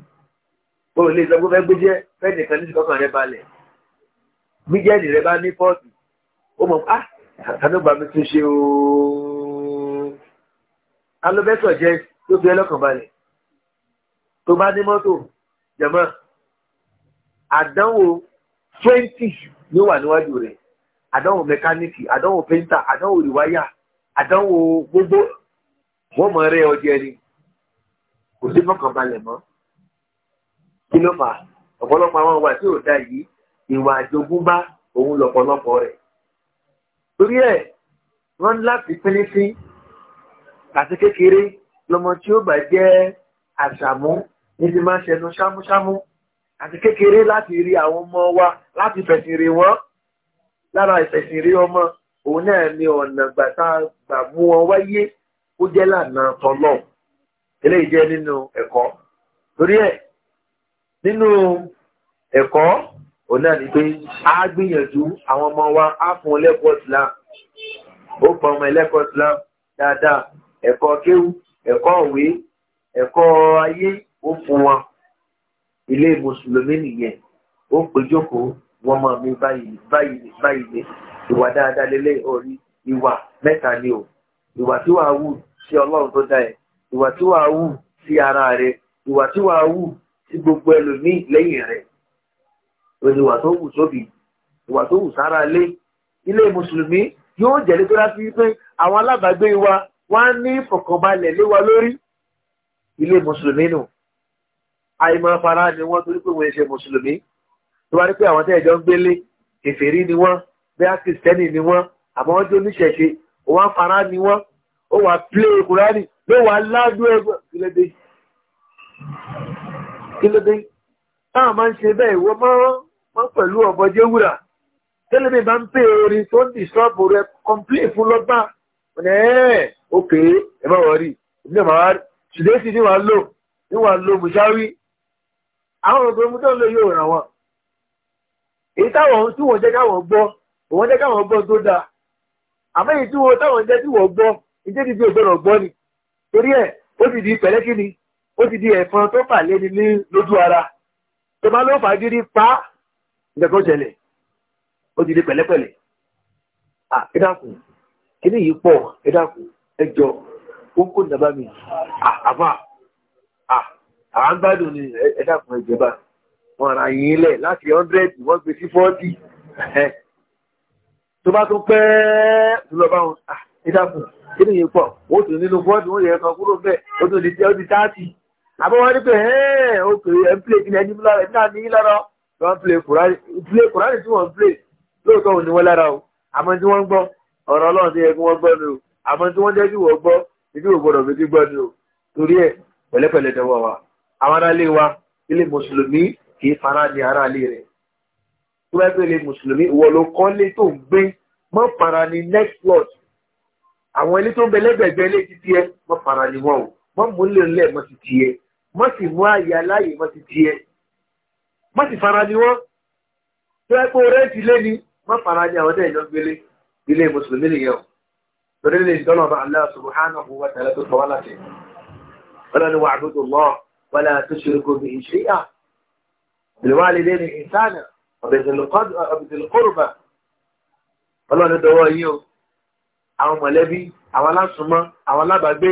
o lè sọ pé fẹ́ gbé jẹ́ fẹ́ nìkan ní ìkọ́kàn rẹ balẹ̀ mídíẹ̀nì rẹ bá ní pọ́ọ̀tù ó mọ̀ ah, á àtàlùgbà mi tún ṣe ooo alóbẹ́sọ̀ jẹ́ tó fi ẹlọ́kàn balẹ̀ tó bá ní mọ́tò jẹ̀mọ́ àdánwò twenty ló wà níwájú rẹ̀ àdánwò mẹkáníìkì àdánwò pẹ́ńtà àdánwò ìwáyà àdánwò gbogbo wọ́n mọ̀ rẹ́ ọdí ẹni kò sí mọ́kànbalẹ̀ mọ́ kí ló fà ọ̀pọ̀lọpọ̀ àwọn ìwà tí ò da yìí ìwà àjogúnbá òun lọ̀pọ̀lọpọ̀ rẹ̀ torí ẹ̀ wọ́n láti pínísí àti kékeré lọmọ tí ó bá jẹ́ àṣàmú ní ti máa ń ṣẹnu ṣámúṣámú àti kékeré láti rí àwọn ọmọ wa láti fẹ̀sìn rè wọ́n lára ìfẹ̀sìn rí ọmọ òun náà ni ọ̀nà gbàtà gbà mú wọn wáyé ó jẹ́ lànà tọ́lọ̀ eléyìí jẹ́ nínú ẹ̀kọ́ torí ẹ̀ nínú ẹ̀kọ́ òun náà ni pé a gbìyànjú àwọn ọmọ wa á fún un lẹ́kọ̀ọ́ islam ó fọ ọmọ ẹlẹ́kọ̀ọ́ islam dáadáa ẹ̀kọ́ kéwú ẹ̀kọ́ òwe ẹ̀kọ́ ayé ó fún wọn ilé mùsùlùmí nìyẹn ó péjọpọ̀ wọ́n mọ̀ mi báyìí báyìí báyìí ni ìwà dáadáa lélẹ̀ orí ìwà mẹ́ta ni o ìwà tí wàá wù sí ọlọ́run tó dá ẹ ìwà tí wàá wù sí ara rẹ ìwà tí wàá wù sí gbogbo ẹlòmíì lẹ́yìn rẹ òní ìwà tó wù sóbì ìwà tó wù sára lé ilé mùsùlùmí yóò jẹ́ lé tó pé àwọn alábàágbé wa wọ́n ní ìfọ̀kànbalẹ̀ lé wa lórí ilé mùsùlùmí nù àìmọ̀ afárá ni wọ́n torí pé wọ́n ṣe mùsùlùmí tó bá rí pé àwọn tẹ́ẹ̀jọ́ ń gbélé kèfèrí ni wọ́n bẹ́ẹ̀ kìrìsìtẹ́nì ni wọ́n àmọ́ wọ́n jó níṣẹ̀ṣe òun afárá ni wọ́n ó wà pílé kúránì ló wà ládùú ẹgbẹ́ kílódé kílódé táwọn máa ń ṣe bẹ́ẹ̀ wọ́n máa ń pẹ̀lú ọ̀bọ̀jẹ́ wúrà tẹ́lẹ̀mí bá ń pè orin tó ń dìsọ́ọ̀bù rẹ kọ́ńplé fún lọ́gbà ọ̀nà ẹ̀ẹ́ òkè ẹ̀ bá wọ̀ ìdílé màá ṣùdẹ́sì ni wàá lò ni wàá lò mùsáwí àwọn òbí omi tó ń lò yóò ràn wọ́n. èyí tawọn tí wọ́n jẹ́ káwọn gbọ́ òun jẹ́ káwọn gbọ́ tó dáa àmọ́ tí wọ́n táwọn jẹ́ tí wọ́n gbọ́ ìjẹ́ ti di ni torí ẹ̀ ó ti di pẹ̀lẹ́kì ni ó ti di ẹ̀fọn tó fà léni ní ara tó ló pa jẹlẹ̀ ó ti di pẹ̀lẹ́pẹ̀lẹ́ à kíní yìí pọ̀ mi ni wọ́n ra yín lẹ̀ láti hundred wọ́n gbé sí forty tó bá tún pẹ́ tó lọ bá wọn ìdàpọ̀ ah, kí ni yìí pọ̀ ó tún nínú forty wọ́n yẹ kan kúrò bẹ́ẹ̀ ó tún di ó di thirty àbọ̀wọ́n ní pé ẹ̀ ó pè é ń play kí ni ẹni lára ẹ̀ náà ní lára wọ́n play kùránì play kùránì tí wọ́n play lóòótọ́ òní wọ́n lára o àmọ́ tí wọ́n ń gbọ́ ọ̀rọ̀ ọlọ́run tó yẹ kí wọ́n gbọ́ ni o àmọ́ tí wọ́n jẹ́ kí wọ́n gbọ́ ìdí ògbọ́dọ̀ fi ti gbọ́ ni o torí ẹ̀ pẹ̀lẹ́pẹ̀lẹ́ dẹwọ́ wa àwọn aráalé wa ilé mùsùlùmí kì í fara ní ara ilé rẹ̀ túrẹ́gbẹ̀lẹ̀ mùsùlùmí ìwọ ló kọ́lé tó ń gbé mọ́ fara ní next àwọn ilé tó ń bẹ lẹ́gbẹ̀gbẹ́ ti mọ́ fara ní wọn o mọ́ múlẹ̀ ńlẹ̀ mọ́ ti tiẹ̀ mọ́ sì mú àyè aláyè mọ́ ti tiẹ̀ mọ́ sì fara ní wọn túrẹ́gbẹ̀ rẹ́ǹtì lé ni mọ́ fara ní àwọn tẹ̀yìn gbélé ilé mùsùlùmí nìyẹn o torí lè dọ́nà Allah بالوالدين إحسانا وبذي القربى ọlọ́run dọwọ́ yín o àwọn mọ̀lẹ́bí àwọn aláṣùmọ́ àwọn alábàgbé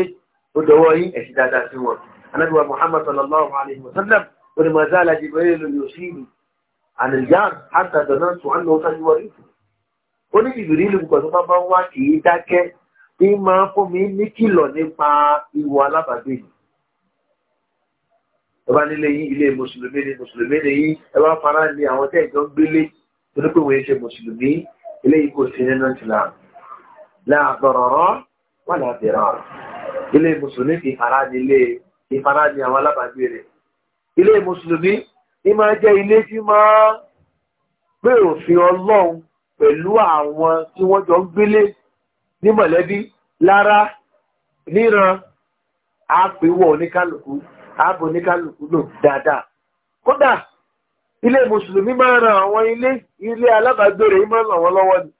ó dọwọ́ yín ẹ̀sì dáadáa sí wọn anábíwá muhammad sallallahu alaihi wasallam orí mazala jibril lórí òṣìlú ànìyàn àtàdọ̀nà tó hàn lọ́wọ́ sáyé wọlé ó ní ìrírí ìlú gbogbo tó bá wá kì í dákẹ́ bí máa fún mi ní kìlọ̀ nípa ìwọ alábàgbé yìí ẹbá nílé yín ilé mùsùlùmí ni mùsùlùmí ni yín ẹbá fara ní àwọn tẹ́ ìjọ ń gbélé torí pé wọ́n ṣe mùsùlùmí ilé yìí kò sí nínú ìtìlá láàbọ̀rọ̀rọ̀ wà láàbẹ̀rọ̀ ilé mùsùlùmí kì í fara ní ilé kì í fara ní àwọn alábàágbé rẹ̀ ilé mùsùlùmí ní máa jẹ́ ilé tí máa gbé òfin ọlọ́run pẹ̀lú àwọn tí wọ́n jọ ń gbélé ní mọ̀lẹ́bí lára níran àpéwọ̀ oníkálukú ààbò ní kálukú lò dáadáa kódà ilé mùsùlùmí máa ran àwọn ilé ilé alábàágbére yìí máa ràn wọ́n lọ́wọ́ ni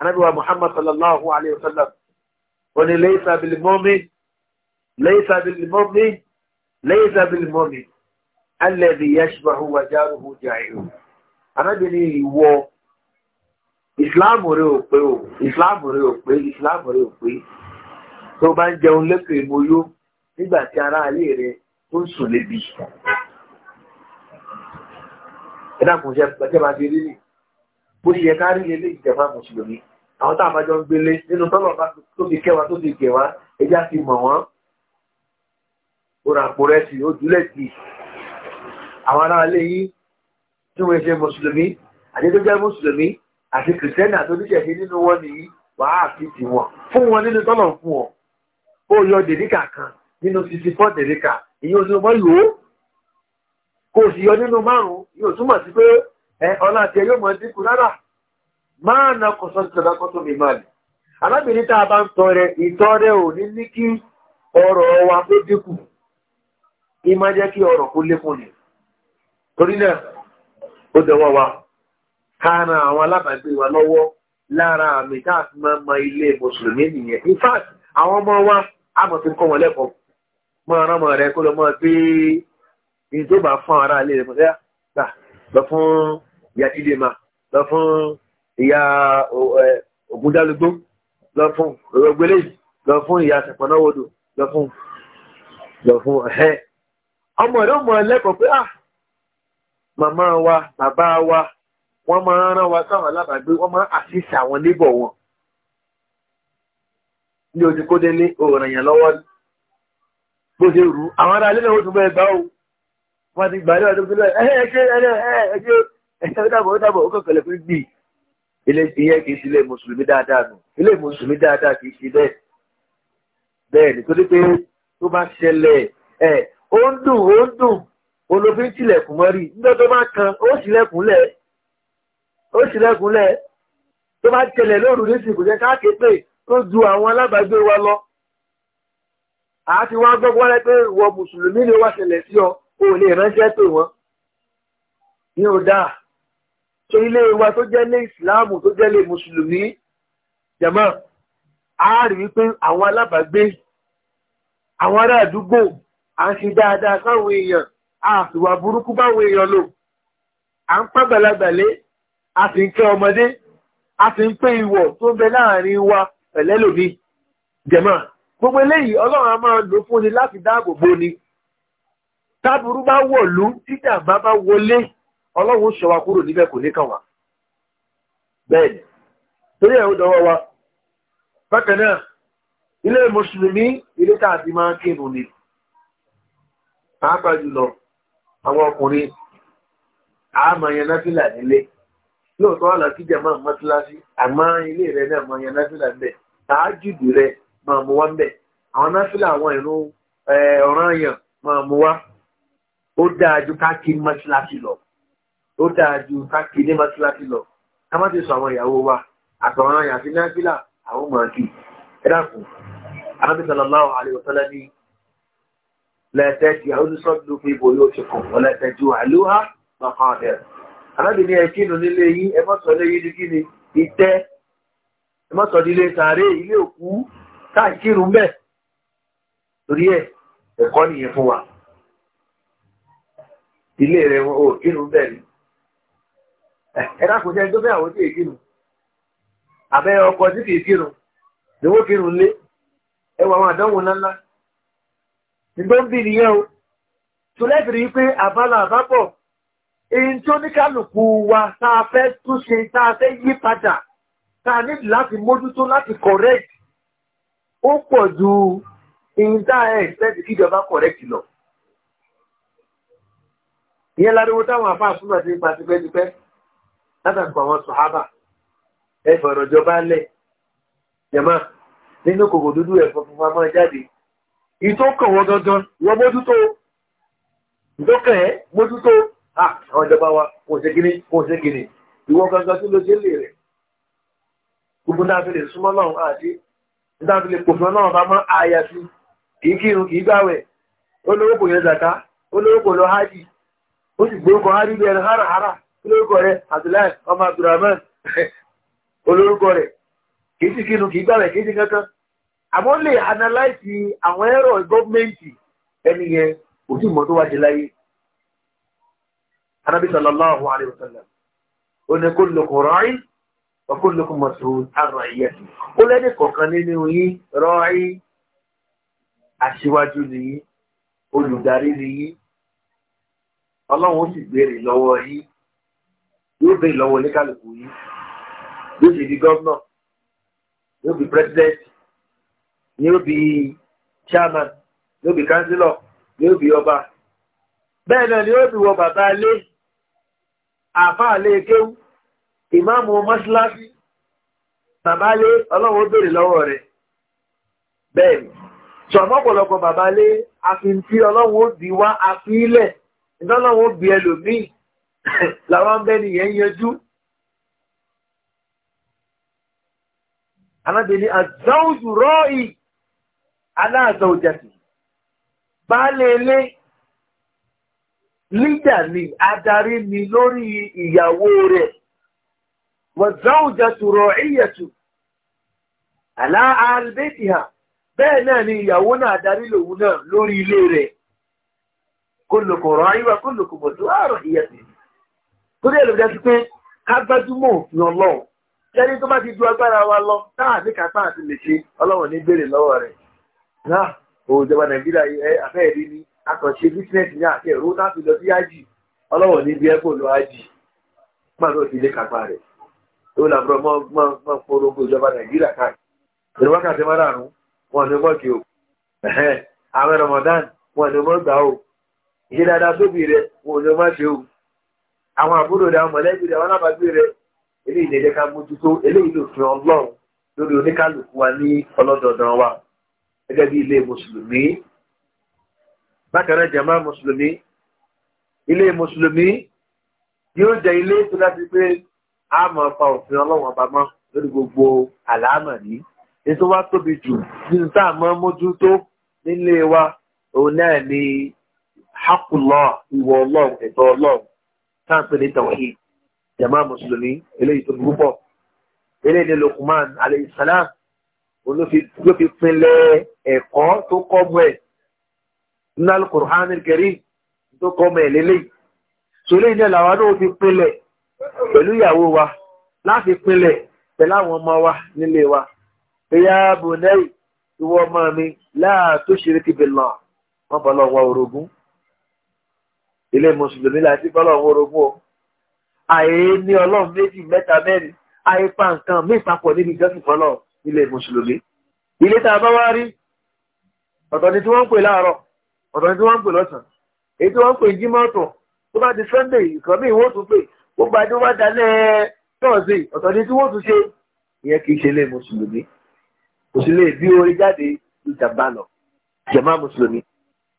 anábíwá muhammad sallallahu alayhi wa sallam ó ní laysa bil mu'min laysa bil mu'min laysa bil mu'min alladhi yashbahu wa jaruhu ìwọ ìsìláàmù rẹ ò pé ìsìláàmù rẹ ò pé ìsìláàmù rẹ ò pé tó bá ń jẹun lẹ́kọ̀ọ́ ìmòyó nígbà tí ará alé rẹ tó ń sùn lébi ẹ dákun ṣe pẹ̀tẹ́ máa fi rí nì bó ṣe yẹ ká rí lélẹ́ ìjẹ̀fà mùsùlùmí àwọn tá a bá jọ ń gbélé nínú tọ́lọ̀ bá tó fi kẹwàá tó fi gẹ̀wá ẹjá fi mọ̀ wọ́n ó ra àpò rẹ̀ sí ó dúlẹ̀ sí àwọn ará alé yìí tí wọ́n ṣe mùsùlùmí àti tó jẹ́ mùsùlùmí àti kìrìsìtẹ́nì àti oníṣẹ̀ṣe nínú wọn nìyí wàá àfi tì wọn fún wọn nínú tọ́lọ̀ fún wọn ó yọ dèdí kàkan nínú sixty four tẹ̀lékà èyí ò ní ọmọ lò ó kò sì yọ nínú márùn-ún yóò túmọ̀ sí pé ẹ ọlá àti ẹyọ́ mọ̀ dínkù rárá máa na kọ̀sán ìjọba kọ́tún mi máa lè alábìnrin tá a bá ń tọrẹ ìtọrẹ ò ní ní kí ọrọ̀ wa kó dínkù kí máa jẹ́ kí ọrọ̀ kó lékún ni torí náà ó dẹwọ́ wa ká ran àwọn alábàgbé wa lọ́wọ́ lára àmì tá a fi máa ń ilé mùsùlùmí nìyẹn in fact àwọn ọmọ wa a fi kọ́ wọn lẹ́kọ̀ọ́ máa rán ọmọ rẹ kó lọ máa gbé ní tó bá fún ara ilé rẹ mọ lẹ́yà gbà lọ fún ìyá ilé ma lọ fún ìyá ògúndálógbó lọ fún òrògbélé lọ fún ìyá sẹpọnáwòdò lọ fún lọ fún ẹhẹ ọmọ rẹ mọ ẹlẹkọọ pé ah màmá wa bàbá wa wọ́n máa rán wa sáwọn alábàágbé wọ́n máa àṣìṣe àwọn níbọ̀ wọn. ní ojú kó délé òòrùn èèyàn lọ́wọ́ bó ṣe rú àwọn ará ilé náà ó tún bẹ́ẹ̀ bá o wọ́n ti gbà lọ́wọ́ tó fi lọ́wọ́ ẹ̀ ẹ̀ ṣe ẹ̀ ẹ̀ ṣe ẹ̀ dàbọ̀ ó dàbọ̀ ó kọ̀kọ̀lẹ̀ fún gbì ilé ìyẹn kì í ṣe ilé mùsùlùmí dáadáa nù ilé mùsùlùmí dáadáa kì í ṣe bẹ́ẹ̀ bẹ́ẹ̀ nítorí pé tó bá ṣẹlẹ̀ ẹ̀ ó ń dùn ó ń dùn olófin tilẹ̀kùn mọ́rí nígbà tó bá kan ó ṣílẹ̀kùnlẹ̀ ó ṣílẹ̀kùnlẹ̀ ó ju àwọn alábàágbé a ti wá gbọ́gbọ́ rẹ pé ìwọ mùsùlùmí ló wá ṣẹlẹ̀ sí ọ o lè ránṣẹ́ pè wọ́n ní ò dáa tó ilé wa tó jẹ́ lé ìsìláàmù tó jẹ́ lé mùsùlùmí jẹ̀mọ́ a rí wípé àwọn alábàágbé àwọn ará àdúgbò à ń ṣe dáadáa sáwọn èèyàn a fìwà burúkú báwọn èèyàn lò à ń pẹ́ gbàlagbàlé a sì ń kẹ́ ọmọdé a sì ń pé ìwọ̀ tó ń bẹ láàrin wa pẹ̀lẹ́lòmí jẹ̀mọ́ gbogbo eléyìí ọlọ́run a máa lò fún ni láti dáàbò bò ni táburú bá wọ̀lú dídàmbá bá wọlé ọlọ́run ṣọ́ wa kúrò níbẹ̀ kò ní kàn wá bẹ́ẹ̀ ni torí ẹ̀ ó dọwọ́ wa bákan náà ilé mùsùlùmí ilé tá a ti máa kírun ni pàápàá jùlọ àwọn ọkùnrin àmọ̀yàn náfìlà nílé lóòótọ́ àlàkíjà máa mọ́tíláṣí àmọ́ ilé rẹ̀ náà mọ̀yàn náfìlà nílẹ̀ tààjùdù rẹ̀ máa mú wá ń bẹ̀ àwọn náfìlà àwọn ìrun ọ̀ràn yàn máa mú wá ó dáa ju káàkiri mọ́ṣíláṣí lọ ó dáa ju káàkiri ní mọ́ṣíláṣí lọ ká má ti sọ àwọn ìyàwó wa àtọ̀ràn yàn àti náfìlà àwọn mọ̀ kí ẹ dákun anábì sallallahu alaihi wasallam ní lẹ́ẹ̀tẹ́jú àwọn oníṣọ́dún fi ibò yóò ti kàn wọ́n lẹ́ẹ̀tẹ́jú àlúhà bàkan ọ̀dẹ̀ anábì ní ẹ̀kínu nílé yín ẹ mọ́sọ̀ lé yín ní kí ìtẹ́ ẹ mọ́sọ̀ nílé sàárè ilé òkú táàkìrù ń bẹ̀ torí ẹ̀ ẹ̀kọ́ nìyẹn fún wa ilé rẹ̀ wọn ò kírù ń ni ẹ̀dá kò jẹ́ tó fẹ́ àwọn tí èkìrù àbẹ́ ọkọ̀ tí kìí kírù lówó kírù lé ẹwà àwọn àdánwò ńláńlá nígbà ń bí nìyẹn o tó lẹ́bìrì pé àbálà àbábọ̀ èyí tó ní kálukú wa tá a fẹ́ túnṣe tá a fẹ́ yí padà tá a nílò láti mójútó láti correct ó pọ̀ ju intanet expect kíjọba correct lọ ìyẹn láriwo táwọn afa fún àti ipa tipẹ́tipẹ́ látàkùn àwọn sọ̀hábà ẹ̀fọ̀rọ̀ jọba lẹ̀ jẹ̀má nínú kòkò dúdú ẹ̀fọ́ fún máa jáde ìtọ́kàn wọn gangan wọ́n mójútó ìtọ́kàn ẹ̀ mójútó àwọn ìjọba wa kò ṣe gíní kò ṣe gíní ìwọ gangan tí ló ṣe gbogbo dáàbí lè pòfin náà bá mọ́ àyà sí kìí kírun kìí gbàwẹ̀ olówó kò yẹ zaka olówó kò lọ hajj ó sì gbórúkọ hajj bí ẹni hárahárà olórúkọ rẹ̀ abdullahi ọmọ abdulrahman olórúkọ rẹ̀ kìí sì kírun gbàwẹ̀ sì kankan àmọ́ lè àwọn ẹ̀rọ gọ́ọ̀mẹ̀ntì ẹni yẹn kò mọ́ tó láyé sallallahu ọkùnlùkùn mọ̀sùlùmí àrùn ẹ̀yẹ ó lẹ́dẹ̀ kọ̀ọ̀kan nínú yín rọ́ọ̀rí aṣíwájú nìyí olùdarí nìyí ọlọ́run ó sì béèrè lọ́wọ́ yín yóò béèrè lọ́wọ́ oníkàlùkù yín yóò sì di gọ́vnà yóò bí president yóò bí chairman yóò bí councillor yóò bí ọba bẹ́ẹ̀ náà ni yóò bí wọ bàbá alé àfáà alé kéwù ìmáàmù mọ́ṣíláṣí bàbálé ọlọ́run bèèrè lọ́wọ́ rẹ̀ bẹ́ẹ̀ni ṣọ̀mọ́pọ̀lọpọ̀ bàbálé àfihàn tí ọlọ́run ó bí wá àfihílẹ̀ ìdánlọ́run ó bí ẹlòmíì làwọn ń bẹ́ni yẹn yanjú alábìnrin àzáwùjù rọ́ọ̀ì aláàzáwùjàsì baálé ilé lídà ni adarí ni lórí ìyàwó rẹ̀ والزوجة راعية على آل بيتها بينا نيونا دليلونا لوري لوري كلكم راعي وكلكم مسؤول رعيته torí ẹ̀lú jẹ́ pé ká gbájúmọ̀ òfin ọlọ́run jẹ́rí tó bá ti ṣe ọlọ́run ní béèrè lọ́wọ́ rẹ̀ náà lọ sí tó làbúrọ̀ mọ́ mọ́ mọ́ polongo ìjọba nàìjíríà káàkiri ìlú wákàtí márààrún wọn ni mọ́ kí o àwọn ramadan wọn ni mọ́ gbà o ìṣe dáadáa tóbi rẹ wọn ni mọ́ ṣe o àwọn àbúrò rẹ àwọn mọ̀lẹ́bí rẹ àwọn alábàgbé rẹ eléyìí lè jẹ́ ká mójútó eléyìí ló fi ọlọ́run lórí oníkálukú wa ní ọlọ́dọọdán wa gẹ́gẹ́ bí ilé mùsùlùmí bákan náà jàmá mùsùlùmí ilé mùsùlùmí yóò jẹ ilé tó láti pé a máa pa òfin ọlọ́wọ́n ọba mọ́ lórí gbogbo àlámà ní ètò wa tóbi jù nínú tá a máa mójútó nílé wa òun náà ni hakulọ ìwọ ọlọ́run ẹ̀tọ́ ọlọ́run tá à ń pè ní tawhid jama mùsùlùmí eléyìí tó púpọ̀ eléyìí ni Luqman alayhi salam ló fi pinlẹ̀ ẹ̀kọ́ tó kọ́ mọ́ ẹ̀ nínú al-Qur'an al tó kọ́ mọ́ ẹ̀ lélẹ́yìí sọlẹ́yìn náà làwọn náà fi pinlẹ̀ pẹ̀lú ìyàwó wa láti pinlẹ̀ pẹ̀lú àwọn ọmọ wa nílé wa ìyá bùnẹ́rì ìwọ ọmọ mi láàtó ṣeré kíbi lọ wọn bọ́ lọ́wọ́ orogún ilé mùsùlùmí láti bọ́ lọ́wọ́ orogún o àyè ní ọlọ́run méjì mẹ́ta mẹ́rin àyè pa nǹkan mí papọ̀ níbi ìjọsìn fọlọ́ ilé mùsùlùmí ilé tá a bá wá rí ọ̀tọ̀ ni tí wọ́n ń pè láàárọ̀ ọ̀tọ̀ ni tí wọ́n ń pè lọ́sàn-án èyí tí wọ́n ń pè jímọ̀ọ̀tọ̀ tó bá di sunday ìkànnì ìwọ́n tún pè gbogbo àti wọn dalẹ̀ tọ́ọ̀sì ọ̀tọ̀ ni tí wọ́n tún ṣe ìyẹn kì í ṣe ilé mùsùlùmí kò sí lè bí orí jáde ní jàmbá lọ jàmbá mùsùlùmí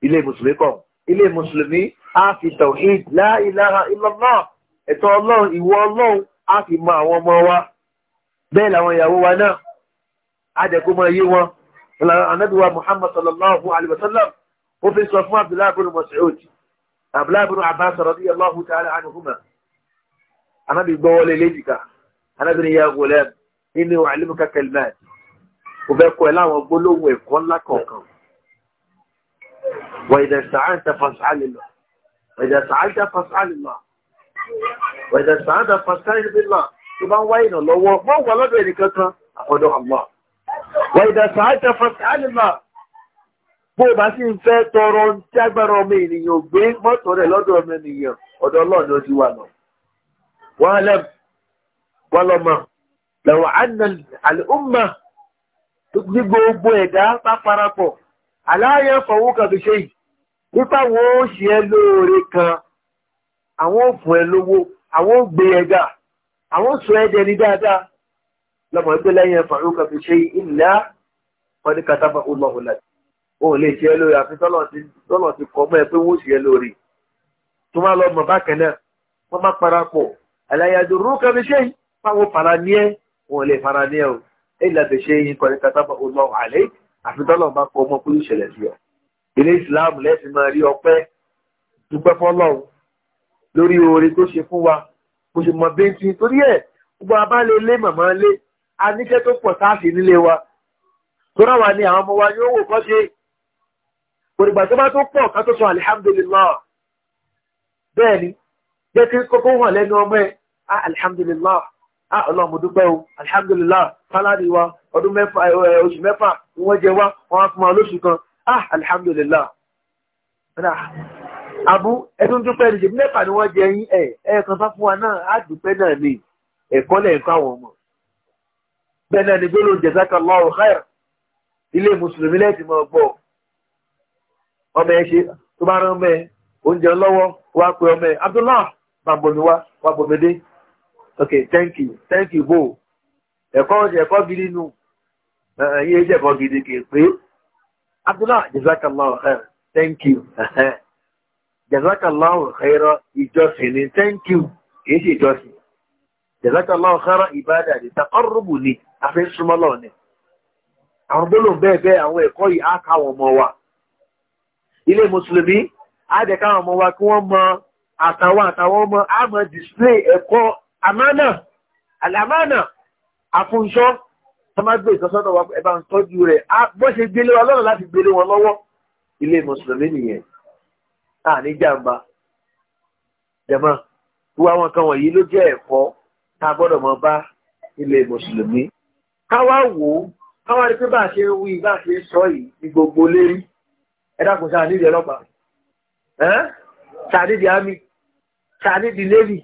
ilé mùsùlùmí kọ̀ ilé mùsùlùmí á fi tawhid la ilaha illallah ẹ̀tọ́ ọlọ́run ìwọ ọlọ́run á fi mọ àwọn ọmọ wa bẹ́ẹ̀ làwọn ìyàwó wa náà á jẹ́ kó mọ iye wọn anabiwa muhammad sallallahu alayhi wa sallam ó fi sọ fún abdullahi bin mas'ud abdullahi bin abbas radiyallahu ta'ala anhuma anábì gbọ́wọ́ lé léjìká anábì ní ya gulam inni u'allimuka kalimat kò fẹ́ kọ́ ẹ láwọn gbólóhùn ẹ̀kọ́ ńlá kọ̀ọ̀kan wa idha sa'alta fas'alillah wa idha sa'alta fas'alillah wa idha sa'alta fas'alillah billah tó bá ń wá ìnà lọ́wọ́ mọ́ wà lọ́dọ̀ ẹnìkan kan àkọ́dọ̀ Allah wa idha sa'alta fas'alillah bó o bá sì ń fẹ́ tọrọ jágbára ọmọ ènìyàn gbé mọ́tò rẹ̀ lọ́dọ̀ ọmọ ènìyàn ọ̀dọ̀ Ọlọ́run ló ti wà náà. واعلم ولما لو أن الأمة gbogbo gbogbo ẹ̀dá bá parapọ̀ aláyẹ̀ fọwọ́kà fi ṣe nípa wọn ó ṣe ẹ lóore kan àwọn òfin ẹ lówó àwọn ó gbé ẹ̀dá àwọn sọ ẹ̀dẹ̀ ní dáadáa lọ́mọ ẹgbẹ́ lẹ́yìn fọwọ́kà fi ṣe ìlà wọn ní kàtàbà ọlọ́ọ̀lá lè ṣe ẹ lóore àfi tọ́lọ̀ ti kọ́ mọ́ ẹ pé wọ́n ó ṣe ẹ lóore tó má lọ́mọ bákan náà wọ́n má parapọ̀ àlàyàdùrú kẹfì ṣe fáwọn fara ní ẹ wọn lè fara ní ẹ o ilẹ̀ tẹ̀ ṣe yín kọ́ni kátàbà ọlọ́ àlẹ́ àfitọ́lọ̀ bá pọ̀ ọmọ kúlù ìṣẹ̀lẹ̀ sí ọ. ilé islam lẹ́sìn máa rí ọpẹ́ dúpẹ́ fọ́lọ́run lórí oore tó ṣe fún wa bó ṣe mọ bẹ́ńtì torí ẹ̀ gbogbo abálé lé màmá lé aníṣẹ́ tó pọ̀ sáàsì nílé wa tóra wa ni àwọn ọmọ wa yóò wò kọ́ ṣe òrìgbà tó bá tó pọ̀ ká tó sọ alihamdulilah bẹ́ẹ̀ ni jẹ́ kí kókó hàn lẹ́nu ọmọ ẹ̀ ah alhamdulillah ah ọlọ́run mo dúpẹ́ o alhamdulillah sálárì wa ọdún mẹ́fà eh, eh, oṣù mẹ́fà ni wọ́n jẹ wá wọ́n fún wa lóṣù kan ah alhamdulillah àbú ẹdún dúpẹ́ ní ṣèbí mẹ́fà ni wọ́n jẹ yín ẹ̀ eh, ẹ̀ẹ̀kan bá fún wa náà á dúpẹ́ náà ni ẹ̀kọ́ lẹ́ẹ̀kọ́ àwọn ọmọ bẹ́ẹ̀ náà ni gbólóhùn jazakallahu khair ilé mùsùlùmí lẹ́ẹ̀tì mọ́ gbọ́ ọmọ ẹ ṣe tó bá rán ọmọ ẹ oúnjẹ lọ́wọ́ wá pé ọmọ ẹ Abdullah bàbọ̀mí wá wá bọ̀mídé ok thank you thank you bo ẹ̀kọ́ ẹ̀kọ́ gidi nù ẹ̀yẹ ìjẹ̀bọ̀ gidi kì í pé abdullah jazakallahu khair thank you jazakallahu khair ìjọsìn ni thank you kì í ṣe ìjọsìn jazakallahu khair ìbádà ni taqarrubu ni àfi súnmọ́lọ́ ni àwọn gbólóhùn bẹ́ẹ̀ bẹ́ẹ̀ àwọn ẹ̀kọ́ yìí á káwọn ọmọ wa ilé mùsùlùmí á jẹ́ káwọn ọmọ wa kí wọ́n mọ àtàwọn àtàwọn ọmọ á mọ display ẹ̀kọ́ àmánà àlàmánà àfúnṣọ́ tó máa gbé ìtọ́sọ́nà wa ẹ̀bá ń tọ́jú rẹ̀ bọ́ ṣe gbélé wa lọ́nà láti gbélé wọn lọ́wọ́ ilé mùsùlùmí nìyẹn àní jàǹbá jẹ̀mọ́ wíwá wọn kan wọ̀nyí ló jẹ́ ẹ̀kọ́ tá a gbọ́dọ̀ mọ bá ilé mùsùlùmí káwá wò ó káwá rí pé bá a ṣe ń wí bá a ṣe ń sọ yìí ní gbogbo lérí ẹ dákun sáà nídìí ọlọ́pàá sáà nídìí ámì sáà nídìí lévì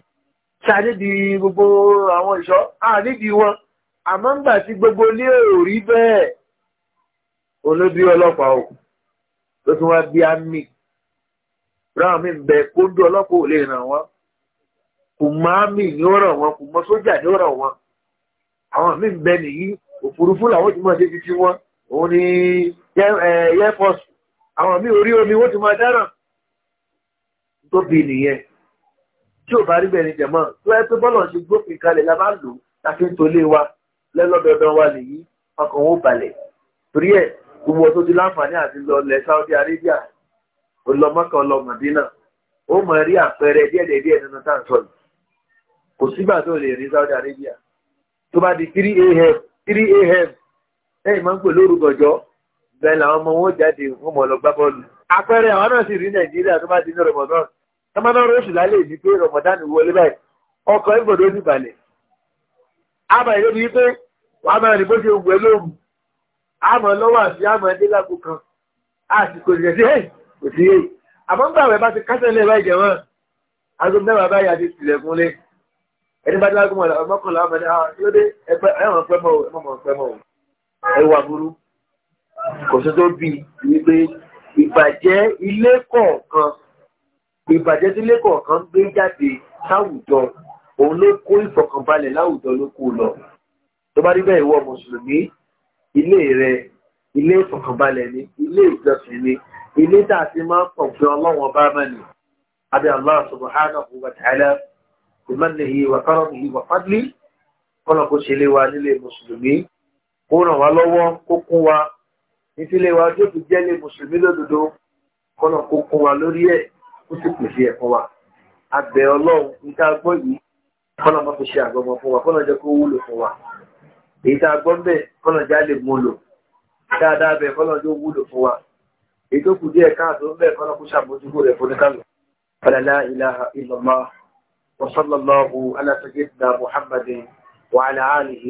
ṣàdídì gbogbo àwọn ìṣọ́ àdídì wọn àmọ́ ń gbà tí gbogbo ilé ò rí bẹ́ẹ̀ olóbi ọlọ́pàá o ló tún wá bí ámì ráwọn mi ń bẹ kóńdó ọlọ́pàá ò lè ràn wọ́n kò mọ ámì ni ó ràn wọ́n kò mọ sójà ni ó ràn wọ́n àwọn mi ń bẹ nìyí òfurufú làwọn ti máa ṣe títí wọn òun ni air àwọn mi orí omi wọ́n ti máa dáràn tó bí nìyẹn tí ò bá rí bẹ́ẹ̀ ni jẹ̀mọ́ tó ẹ pé bọ́lọ̀ ṣe gbófin kalẹ̀ la bá lò láti ń tolé wa lẹ́lọ́dọọdọ wa nìyí ọkàn ó balẹ̀ torí ẹ̀ gbogbo tó ti láǹfààní àti lọ lẹ̀ Saudi Arabia olọmọkàn ọlọmọdínà ó mọ rí àpẹẹrẹ díẹ̀ díẹ̀ nínú tá à ń sọ yìí kò sígbà tó lè rí Saudi Arabia tó bá di three a.m. three a.m. ẹ̀yìn máa ń pè lóru gànjọ́ bẹ́ẹ̀ làwọn ọmọ wọn jáde wọn mọ̀ lọ gbá bọ́ọ̀lù àpẹẹrẹ àwọn náà sì rí Nàìjíríà tó bá di ní rọ̀mọ̀dọ́nù tọ́mọ́nà rọ́ọ̀ṣù lálẹ́ ní pé rọ̀mọ̀dán wọlé báyìí ọkọ̀ ìgbọ̀dọ̀ ní ìbàlẹ̀ àbàyè ló ní pé wàá máa rìn bó ṣe wù ẹ́ lóru àmọ́ lọ́wọ́ àti àmọ́ ẹdí lágbo kan àsìkò ìrẹsì ẹ̀ kò sí èyí àmọ́ nígbà wẹ̀ bá ti kásẹ̀lẹ̀ báyìí jẹ̀ wọ́n aago mẹ́wàá báyìí àti tìlẹ̀kùnlé ẹni bá dágún mọ́kànlá ọmọdé ah, lóde ẹ̀wọ̀n pẹ́ mọ́ ẹ̀wọ̀n pẹ́ mọ́ ẹ̀wà burú kò sí tó bí wípé ìbàjẹ́ ilé kọ̀ọ̀kan ìbàjẹ́ tí lẹ́kọ̀ọ́ kan gbé jáde sáwùjọ òun ló kó ìfọ̀kànbalẹ̀ láwùjọ ló kó lọ tó bá rí bẹ́ẹ̀ ìwọ mùsùlùmí ilé rẹ ilé ìfọ̀kànbalẹ̀ ni ilé ìjọsìn ni ilé tá a ti máa ń pọ̀ fún ọlọ́wọ́n bá mọ̀ ni abẹ́ allah subhanahu wa ta'ala ìmọ̀nìyí wa kọ́rọ̀mìyí wa fadli kọ́nà ṣe lé wa nílé mùsùlùmí kó ràn wá lọ́wọ́ kó kún wa nítorí wa yóò jẹ́ lé mùsùlùmí lódodo kọ́nà kún wa lórí ẹ̀ ó sì pèsè ẹ̀fọ́ wa abẹ́ ọlọ́run níta gbọ́ yìí kọ́nà máa fi ṣe àgọ́mọ fún wa kọ́nà jẹ́ kó wúlò fún wa èyí tá a gbọ́ bẹ́ẹ̀ kọ́nà já lè mú lò dáadáa bẹ́ẹ̀ kọ́nà jẹ́ wúlò fún wa èyí tó kù díẹ̀ káàtó bẹ́ẹ̀ kọ́nà kó ṣàbójúkú rẹ̀ fún níkàlù. la ilaha illallah wa sallallahu ala sayyidina muhammadin wa ala alihi